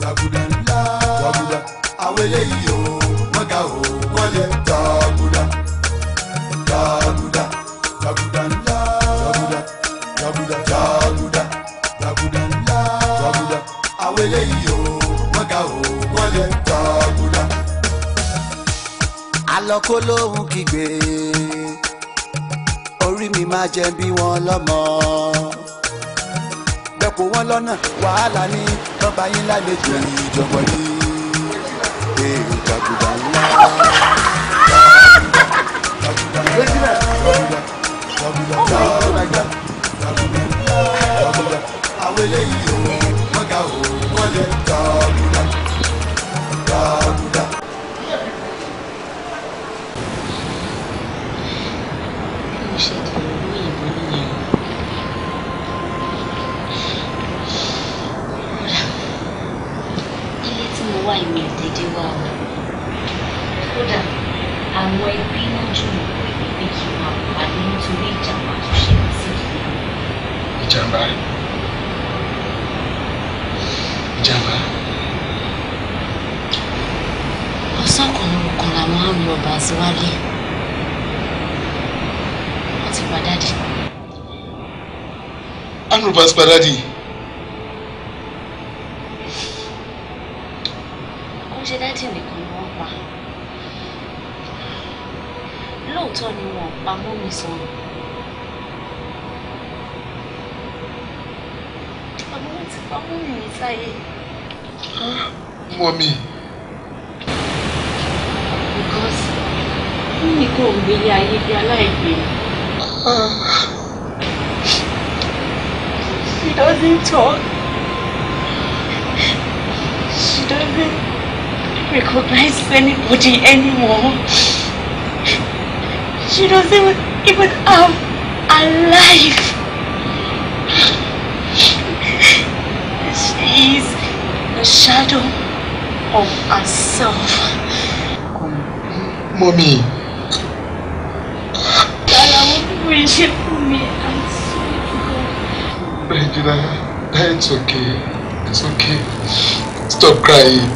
Jaguda ńlá. Jaguda, àwọn eléyìí o, wọ́n ga o, wọ́n yẹ. Jaguda, Jaguda, Jaguda ńlá. Jaguda, Jaguda, Jaguda, Jaguda ńlá. Jaguda, àwọn eléyìí o, wọ́n ga o, wọ́n yẹ. Jaguda. Àlọ́kọ́ lóhùn kígbe má jẹ́ bí wọ́n lọ́mọ. dẹ́kun wọn lọ́nà wàhálà ní lọ́ba yín lálejò ìjọba ní èrò jàgùdà ńlá. àwọn eléyìí ò wọ́n. àwọn ẹbí náà tún mọ̀ pé ìbejì máa pàdé nítorí ìjàmbá tó ṣẹlẹ̀ sí ìyàwó. ìjàmbá ìjàmbá. ọ̀sán kan ló kan làwọn pa mi sọ̀rọ̀. àmọ́ wọ́n ti pa mọ́ mi sáyé. mọ mi. because wọ́n ní kò ń gbélé ayé bí aláìgbé. She doesn't talk. She doesn't recognize anybody anymore. She doesn't even have a life. She is the shadow of herself. Mommy. Balawo, me. I'm sorry for God. Regina, it's okay. It's okay. Stop crying.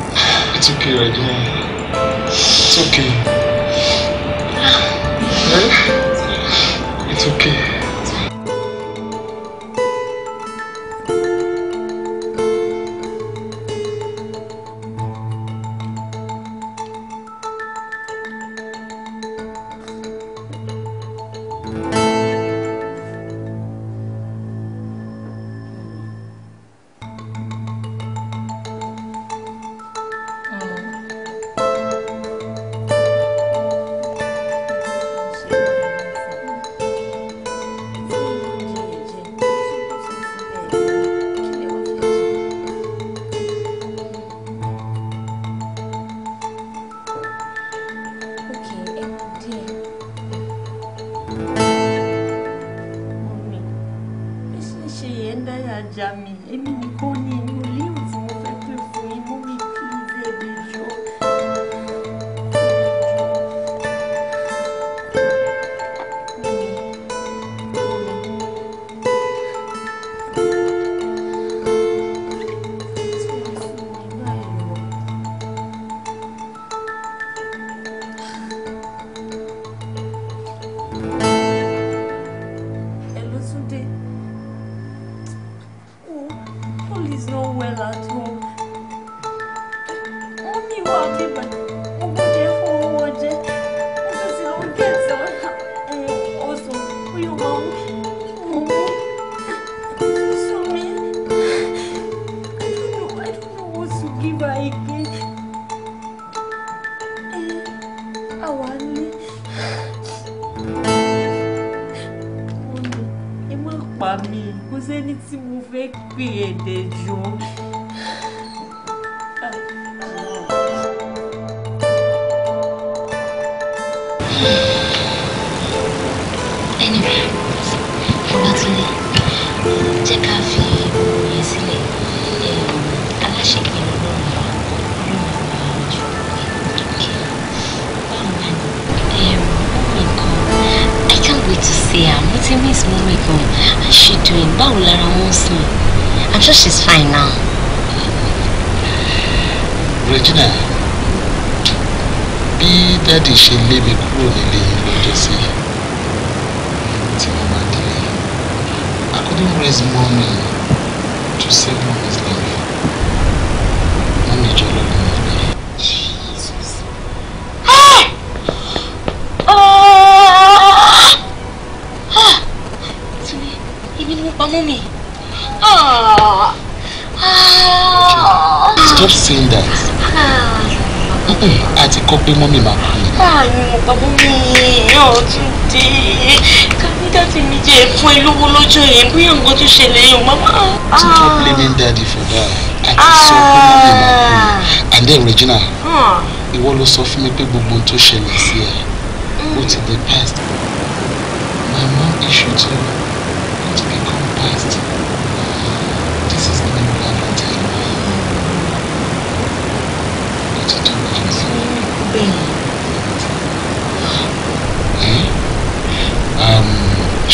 It's okay, Regina. It's okay. It's okay. dear, what is Miss Mommy going? How's she doing? Báwo lára wọn sùn? I'm sure she's fine now. Regina, bí dáàdì ṣe lé mi kúrò nílé lọ́jọ́ sí tí mo máa délé, I couldn't raise money to save mommy's life. Mommy jọ lọ́dún stop saying that. a ti kọ́ pé mọ́mì máa kú. láàrin mo pa mọ́mì yẹn ọ̀ tún dé kàmídà tí mi jẹ́ fún ẹ lówó lọ́jọ́ yẹn bí nǹkan tó ṣẹlẹ̀ yẹn mama. stop blaming daddy for that. a ti sọ pé mọ́mì máa kú. Ah. and then Regina ah. ìwọ ló sọ fún mi pé gbogbo ohun tó ṣẹlẹ̀ sí ẹ ó ti dey past. my mom issue too.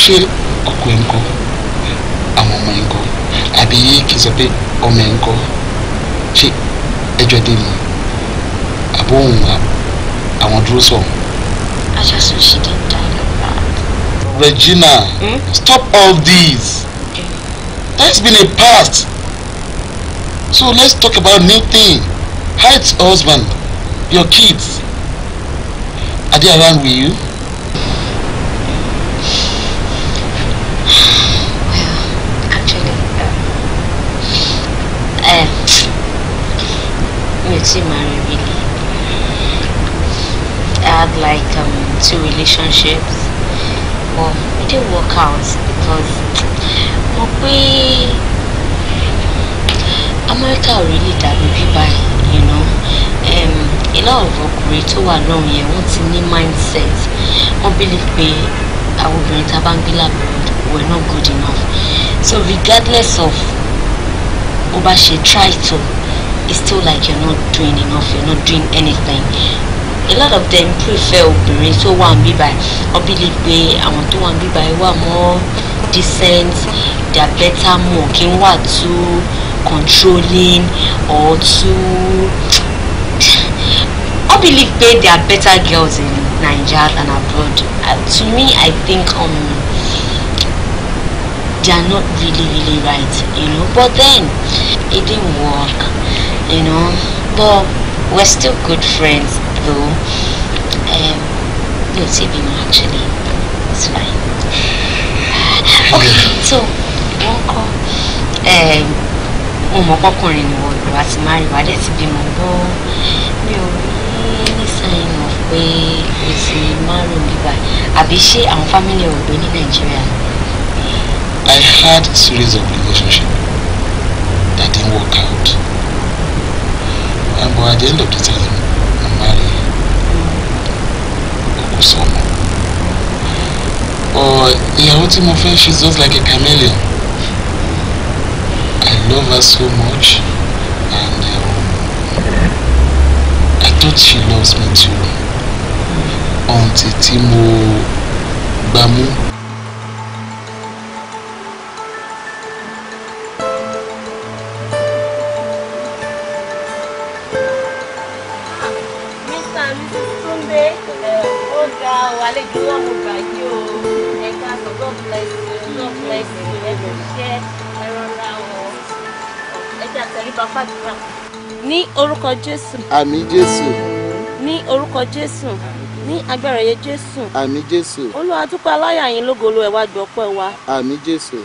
ṣé ọkọ ẹ̀ ń kọ́ àwọn ọmọ ẹ̀ ń kọ́ àbí kì í sọ I just wish she didn't die like that. Regina, hmm? stop all these. Okay. That's been a past. So let's talk about new thing. How it's husband, your kids. Are they around with you? to marry really. I had like um, two relationships. Well, it didn't work out because we pé America ò really dàbí bíbá you know um, a lot of ọkùnrin tó are lọ́rùn here. wọ́n ti ní mindset wọ́n believe pé àwọn obìnrin tá a bá ń were not good enough so regardless of bó bá ṣe try to it's still like you're not doing enough you're not doing anything a lot of them prefer obìnrin So one, be bíbá wọn bílí pé àwọn tó wà ń bíbá wà more decent they are better more kí n wà too controlling or too I believe they. they are better girls in Naija than abroad uh, to me I think um, they are not really really right you know but then it didn't work you know. But we're still good friends though. Um, you'll see me actually. It's fine. Okay, so wọ́n um, ọmọkọkùnrin ni wọ́n lò wá ti máa rí wá dẹ̀ ti bímọ bọ́ mi ò rí ní sign of pé family ò gbé ní I had series of relationships that didn't work out. And but at the end of the time, I'm married. Okusomo. Or ìyàwó tí mo fẹ́, she's just like a chameleon. I love her so much. And um, I thought she loves me too. Until tí mo gbámú. gbàdúrà. ní orúkọ jésù. àmì jésù. ní orúkọ jésù ní agbára yẹ jésù. àmì jésù. olúwa dúpẹ́ aláyà yín lógolo ẹ̀ wá gbọ́ pẹ́ wa. àmì jésù.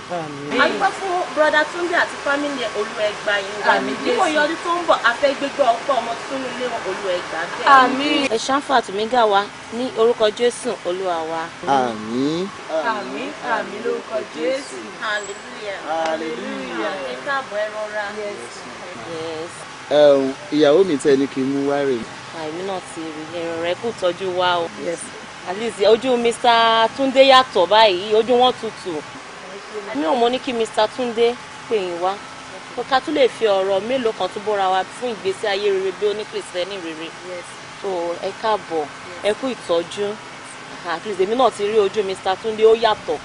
a dúpẹ́ fún broda túndé àti fámìlì olùẹ̀gbà yín wa. àmì jésù. nípò ìyọdún tó ń bọ̀ afẹ́ gbégbá ọ̀pọ̀ ọmọ sínú ilé olùẹ̀gbà bẹ́ẹ̀. àmì. ẹ̀sán fàtúmígà wa ní orúkọ jésù olúwa wa. àmì. àmì àmì lórúkọ jésù. hallelujah. hallelujah. ẹ káàbọ̀ ẹ rọra. yes ìyàwó mi tẹ́ ni kí n mú wá rè. àìmí ah, náà ti rí ẹ̀rọ rẹ kò tọ́jú wa o at least ojú Mr. Túndé yàtọ̀ báyìí ojú wọn tutù mi ò mọ ní kí Mr. Túndé pè yín wá kó ká tún lè fi ọ̀rọ̀ mélòó kan tún bóra wa fún ìgbésí ayé rere bí oníkìrìsìtẹ́nì rere tó ẹ káàbọ̀ ẹ kú ìtọ́jú at least èmi náà ti rí ojú Mr. Túndé ó yàtọ̀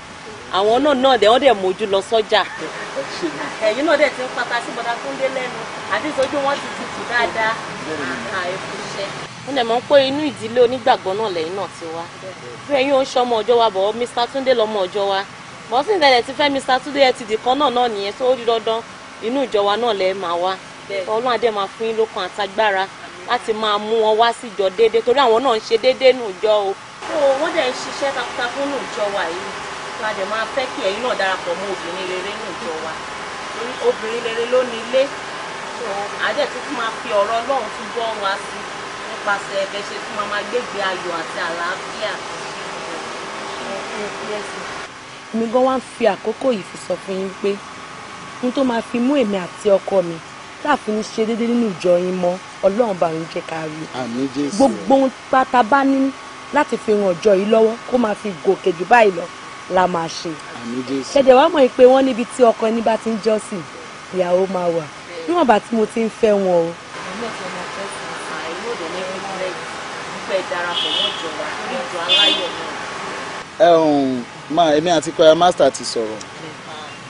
àwọn náà náà dẹ̀ wọ́n dẹ̀ mójú lọ sọ́jà. ẹ̀yin náà dẹ̀ ti ń pata sí bọ́dà Túndé lẹ́nu àti ìtọ́jú wọn ti tutù dáadáa àkà ẹ̀fúnṣẹ́. wọ́n dẹ̀ mọ̀ pé inú ìdílé onígbàgbọ́ náà lẹ́yìn náà ti wá. bí ẹ̀yin ò ń ṣọmọ ọjọ́ wa bọ̀ Mr Túndé lọ́mọ ọjọ́ wa bọ́ sí ìdẹ̀lẹ̀ ti fẹ́ Mr Túndé ẹ ti dì kan náà náà nìyẹn tó rí dandan inú ìjọ wa náà lẹ́ẹ̀ máa wá. Ọlọ́run adé máa fún yín lókun àtagbára láti máa mú wọn wá síjọ déédéé torí àwọn náà ń ṣe déédéé nù jọ o. wọ́n dẹ̀ ń ṣiṣẹ́ takuntakun nù jọ wa yìí ká dẹ̀ máa fẹ́ kí ẹ̀yin náà darapọ̀ mọ́ obìnrin rere ní ìjọ wa torí obìnrin rere ló ní ilé tó àdẹ̀ tó tún máa fi ọ̀rọ̀ ọlọ́run tún bọ́ wa sí nípasẹ̀ ẹ̀bẹ̀ ṣe tún máa máa gbégbé ayọ̀ àti àlàáfíà. èmi gan wá ń fi àkókò yìí fi sọ fún yín pé n tó máa fi mú èmi àti ọkọ mi láàfin ní ṣe déédéé nínú ìjọ yín mọ́ ọlọ́run bá ń jẹ́ ká rí gbogbo pátá bá ní láti fi ràn ọjọ́ yìí lọ́wọ́ kó máa fi gòkè jù báyìí lọ la máa ṣe ṣẹ̀dẹ̀ wàá mọ̀ pé wọ́n níbi tí ọkọ ẹni bá ti ń jọ́sìn ìyàwó máa wà níwọ̀n bá tí mo ti ń fẹ́ wọn o. ẹ ọ̀hún um, èmi àti choir master ti sọ̀rọ̀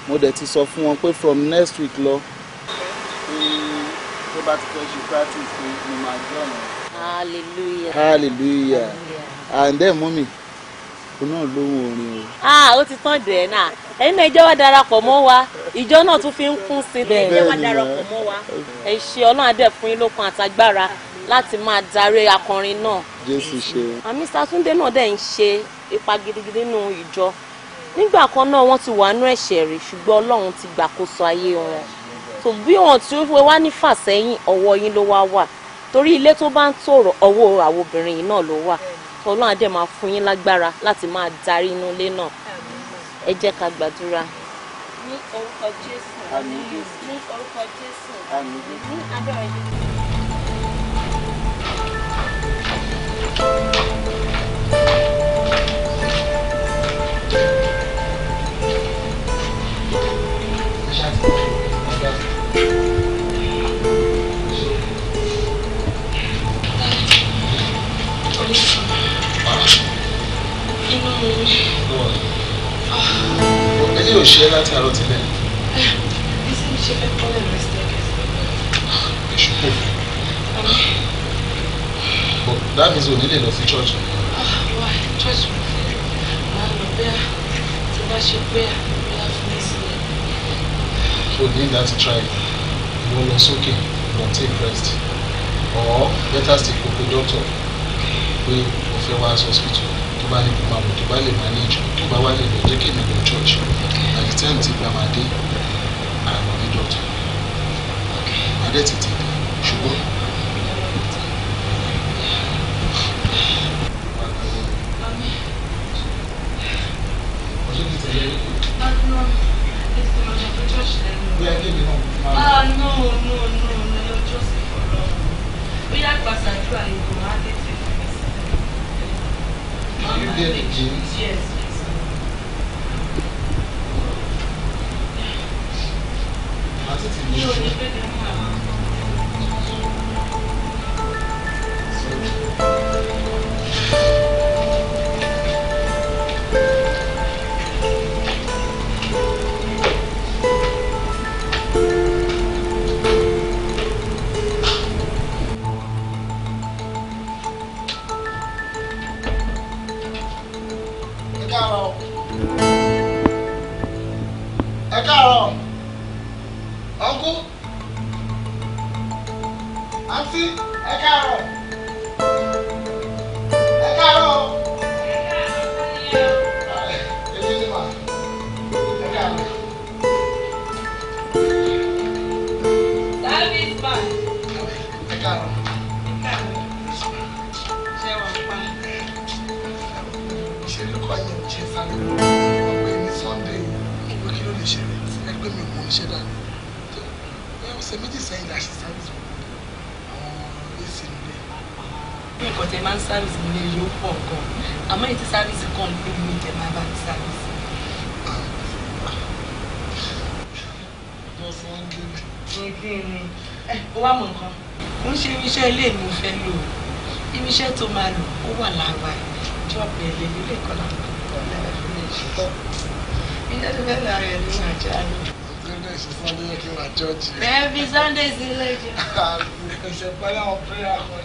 mo dẹ̀ ti sọ fún wọn pé from next week lọ tó bá ti fẹ́ practice pé mo máa jọ̀nà. hallelujah hallelujah and then mummy òun náà lóhùn orin o. ah ó ti tán dẹ̀ náà ẹ̀yin náà ìjọ wa darapọ̀ mọ́ wa ìjọ náà tún fi ń kún sí i bẹ́ẹ̀ ẹ ṣé ọlọ́run adé fún yín lókun àtagbára láti máa darí akọrin náà. jésù ṣe. àmì sátúndé náà dẹ̀ ń ṣe ipa gidigidi nínú ìjọ nígbà kan náà wọ́n ti wà nú ẹ̀ṣẹ̀ rẹ̀ ṣùgbọ́n ọlọ́run ti gbàkóso ayé wọn tó bí wọn tí wọ́n wá ní fàsẹ́yìn ọwọ́ yín ló wá wà torí ilé tó bá ń tòrò ọwọ́ àwọn obìnrin yìí náà ló wà ọlọ́run adé máa fún yín lágbára láti máa darí inú ilé náà ẹ jẹ́ ká gbàdúrà. ní orúkọ jésù ní orúkọ jésù ní adọ́ ẹ̀yìn. ò ṣe láti àárọ̀ tilẹ̀. that means o nílè lọ sí church. wá church mo fẹ́ máa lọ bẹ́ẹ̀ tí bá o ní láti try ìwọ lọ sókè lọ take rest or better still kò the doctor pé o fẹ́ wá hospital tó bá lè máa wò tó bá lè manage tó bá wà lè lọ jẹ́ kí èmi lọ church time tí gba máa dé àná ní dọ̀tún máa dẹ̀ tètè dé ṣùgbọ́n. Ah, no, no, no, no, you're just for long. We are passing through and go market. Do you get the jeans? Yes. 你有一个。tẹ máa ń sáàbìsì nílé yóò pọ̀ gan àmọ́ ètí sáàbìsì kan ló ní tẹ máa bá mi sáàbìsì. ó wá mọ̀ nǹkan ó ń ṣe irinṣẹ́ ilé mi fẹ́ lò irinṣẹ́ tó máa lò ó wà lára ìjọba ẹ̀lẹ́ nílé kan láwọn ọ̀gá ọ̀gá fún mi ṣùgbọ́n iṣẹ́ tó fẹ́ lára ẹ̀ ló máa àná. Sunday is Sunday kí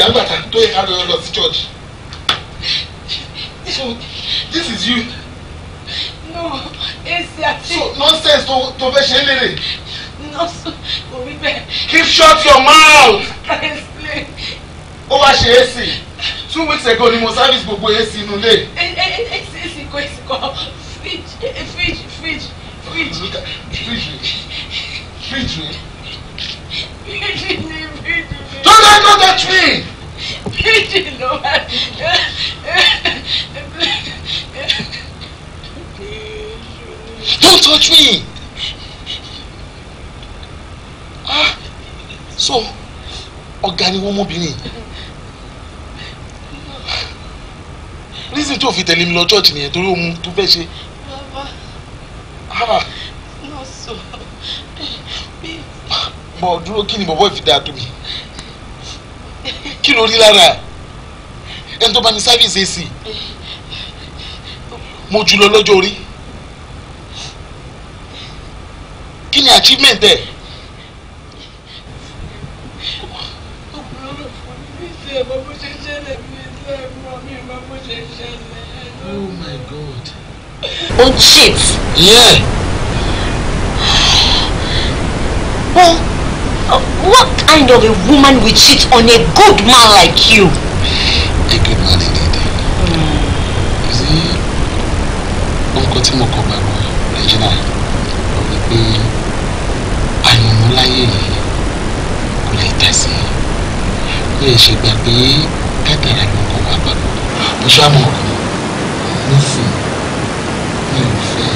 ìyá gbàtà tó yẹ ká lọ lọ sí church so this is you. no èsì àti. so nonsense tó tó fẹ́ ṣe é lérè. nonsense kò rí bẹ́ẹ̀. keep shut your mouth. ó wá ṣe é sí two weeks ago ni mo service gbogbo ac inú ilé. ac ac kò èsì kọ fridge fridge fridge fridge. fridge rẹ fridge rẹ. Don't let go touch me. Don't touch me. Ah, so ọ̀gá ni wọ́n mọ́bìnrin. Reason tó fi tẹ̀lé mi lọ church nìyẹn torí ohun tó fẹ́ ṣe. Bàbá. Ah. bọ̀ dúró kí ni bọ̀bọ̀ ìfidà tó mi kí ló rí lára ẹni tó bá ní sáfíìsì èsì mo jù lọ lọ́jọ́ orí kí ni achievement ẹ̀. Oh my God. Oh shit. Yeah. Well, What kind of a woman would cheat on a good man like you? A good man indeed. Mm. You see, nǹkan tí mo kọ gbàgbọ́ Nàìjíríà ló wí pé àyànmọ́láyé yìí kò lè tà sí bí ẹ ṣe gbà pé kátàrà ló kọ wà papọ̀ bó ṣe àmọ́ ọkùnrin nísìnyí mi ò fẹ́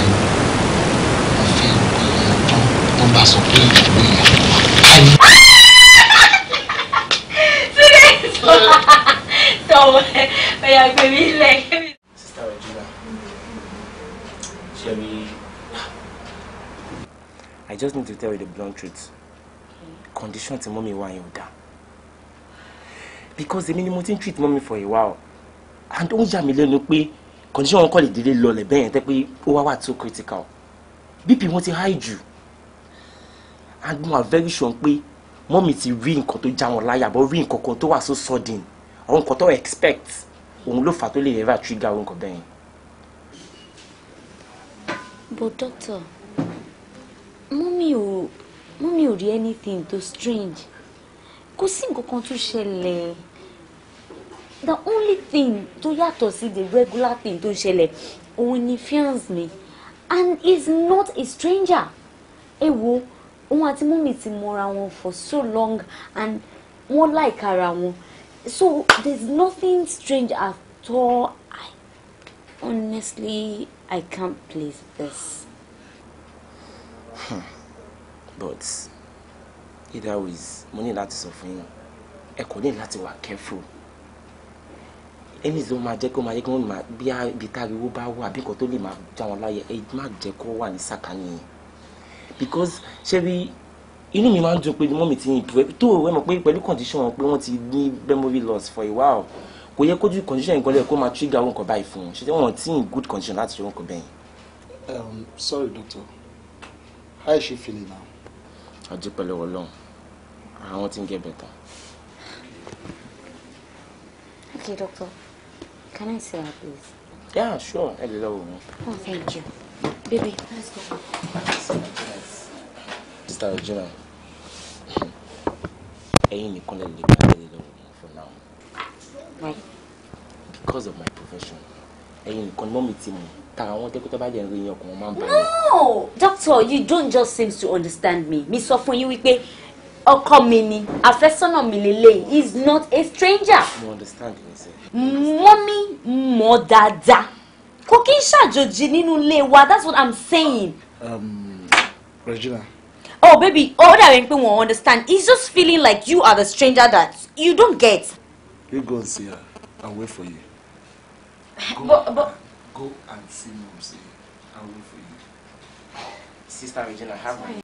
ò fẹ́ ọkọ̀ ìyẹn tán tó ń bá sọ pé ìyẹn ló yẹ tọwọ ẹ ọyà gbèmí lẹ. sista regina sherry i just need to tell you the blunt truth condition tí mọ́mí wà yẹn ò because the ni mo treat mommy for a while and ó ń yà mí lẹ́nu condition wọn kọ́ lè délé lọlẹ̀ bẹ́ẹ̀ yẹn tẹ́ pé ó wá wà too critical bp wọn ti high jù and mo are very sure pé mọ́mì ti rí nǹkan tó já wọn láyà bọ́ rí nǹkan tó wà so sudden àwọn nǹkan tó expect òun ló fà tó lè ever trigger àwọn nǹkan bẹ́yẹn. but doctor mọ́mì ò mọ́mì ò rí anything tó strange kò sí nǹkan kan tó ṣẹlẹ̀ the only thing tó yàtọ̀ sí the regular thing tó ṣẹlẹ̀ òun ni fiance mi and is not a stranger ẹ Hey, òun àti mọ́mì ti mọra wọn for so long and wọ́n like ara wọn so there's nothing strange at all I honestly I can't place this. Hmm. but either with money ní láti sọ fún yín ẹ kò ní láti wà careful eléyìí ló máa jẹ́ kó máa yẹ kí wọ́n máa bí ibi táriwo bá wà bí nǹkan tó lè máa já wọn láyé ẹ má jẹ́ kó wà ní sàkání yìí because ṣebí inú mi máa ń dùn pé mọ́mì ti improve tó o mọ̀ pé pẹ̀lú condition wọn pé wọ́n ti ní memory loss for a while kò yẹ kójú condition nǹkan lẹ́yìn kó máa trigger àwọn nǹkan báyìí fún un ṣe wọn ti in good condition láti ṣe wọn kò bẹ́yìn. Um, sorry doctor how is she feeling now. ọjọ́ pẹ̀lú ọlọ́run àwọn ti ń get better. okay doctor can I see her please. yeah sure ẹ lè lọ wò wọn. oh thank you baby let's go sista regina ẹ̀yin nìkan lè lè gbàgbé lọ́wọ́ mi for now why because of my profession ẹ̀yin nìkan mọ́ mi ti mọ̀ tara àwọn tẹ́kọ́tọ́ bá jẹ́ ń rí yín ọkùnrin máa ń no doctor you don't just seem to understand me mi sọ fún yín wípé ọkọ mi ni àfẹ́sọ́nà mi lélẹ́yìn is not a stranger. mo understand you sir. wọ́n mi mọ̀ dáadáa kò kí n ṣàjòjì nínú ilé wa that's what i'm saying. Um, Regina oh baby all oh, that pé wọn understand he's just feeling like you are the stranger that you don't get. you go and see her i'll wait for you. go but, but... go and see mom say i'll wait for you. sister regina have my.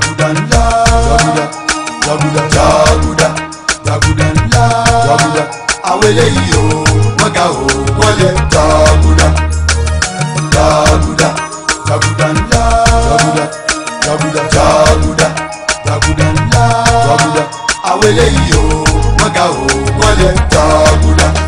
jàgùdà ńlá jàgùdà jàgùdà jàgùdà jàgùdà ńlá jàgùdà àwọn eléyìí o wọ́n ga o wọ́n lè jàgùdà jàgùdà jàgùdà ńlá jàgùdà jàgùdà jàgùdà jàgùdà ńlá jàgùdà àwọn eléyìí o wọ́n ga o wọ́n lè jàgùdà.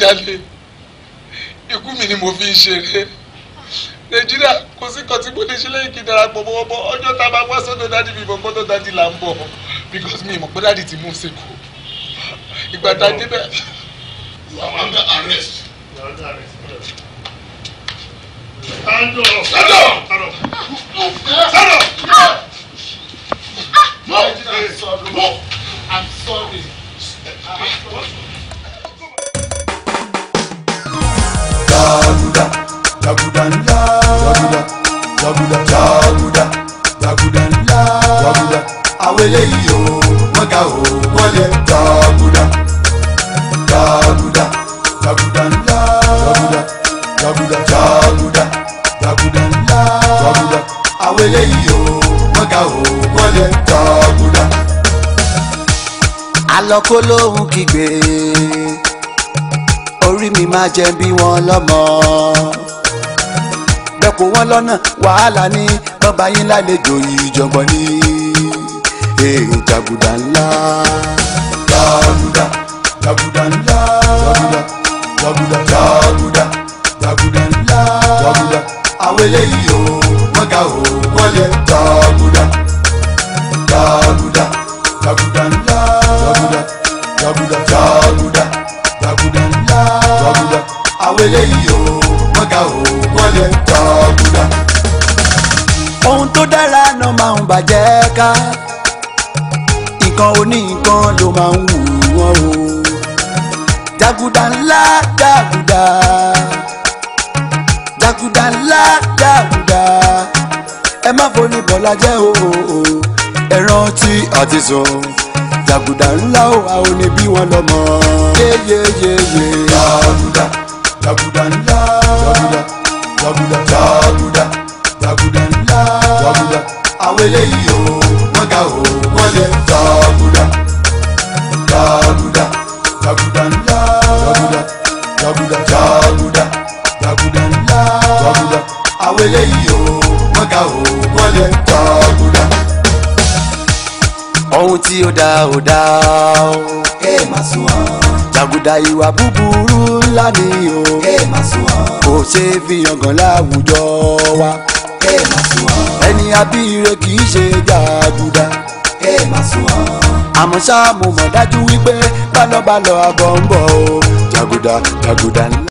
jalè ikú mi ni mo fi ń ṣeré nàìjíríà kò sí kan tí mo lè ṣe lẹ́yìn kí n darapọ̀ mọ́ ọmọ ọjọ́ tá a máa wá sọ́dọ̀ dádì mi mọ̀ kọ́dọ̀ dádì là ń bọ̀ because mi ìmọ̀ pé dádì ti mú un ṣe kù ìgbà tá a débẹ̀. kó lóhùn kígbe orí mi máa jẹ bí wọn lọ́mọ dẹ́kun wọn lọ́nà wàhálà ní bàbá yín lálejò yìí jọ̀gbọ́n ní èè ńlá. jẹ́ ká nǹkan oní nǹkan ló máa ń wù wọ́n o jàgùdà ńlá jàgùdà jàgùdà ńlá jàgùdà ẹ má foni bọ́lá jẹ́ o ẹ rántí àti sọ jàgùdà ńlá o àwọn oníbí wọn lọ́mọ. yeyeyeye jàgùdà. yeah, yeah, yeah. tí ó dá ó dá o. ẹ má sún wọn. jàgùdà ìwà búburú ńlá ni o. ẹ má sún wọn. kò ṣeé fi yangàn láwùjọ wa. ẹ má sún wọn. ẹni abíire kì í ṣe jàgùdà. ẹ má sún wọn. àmọ́ ṣá mo mọ̀ dájú wípé bálọ́bálọ́ abọ́ ń bọ̀ o. jàgùdà jàgùdà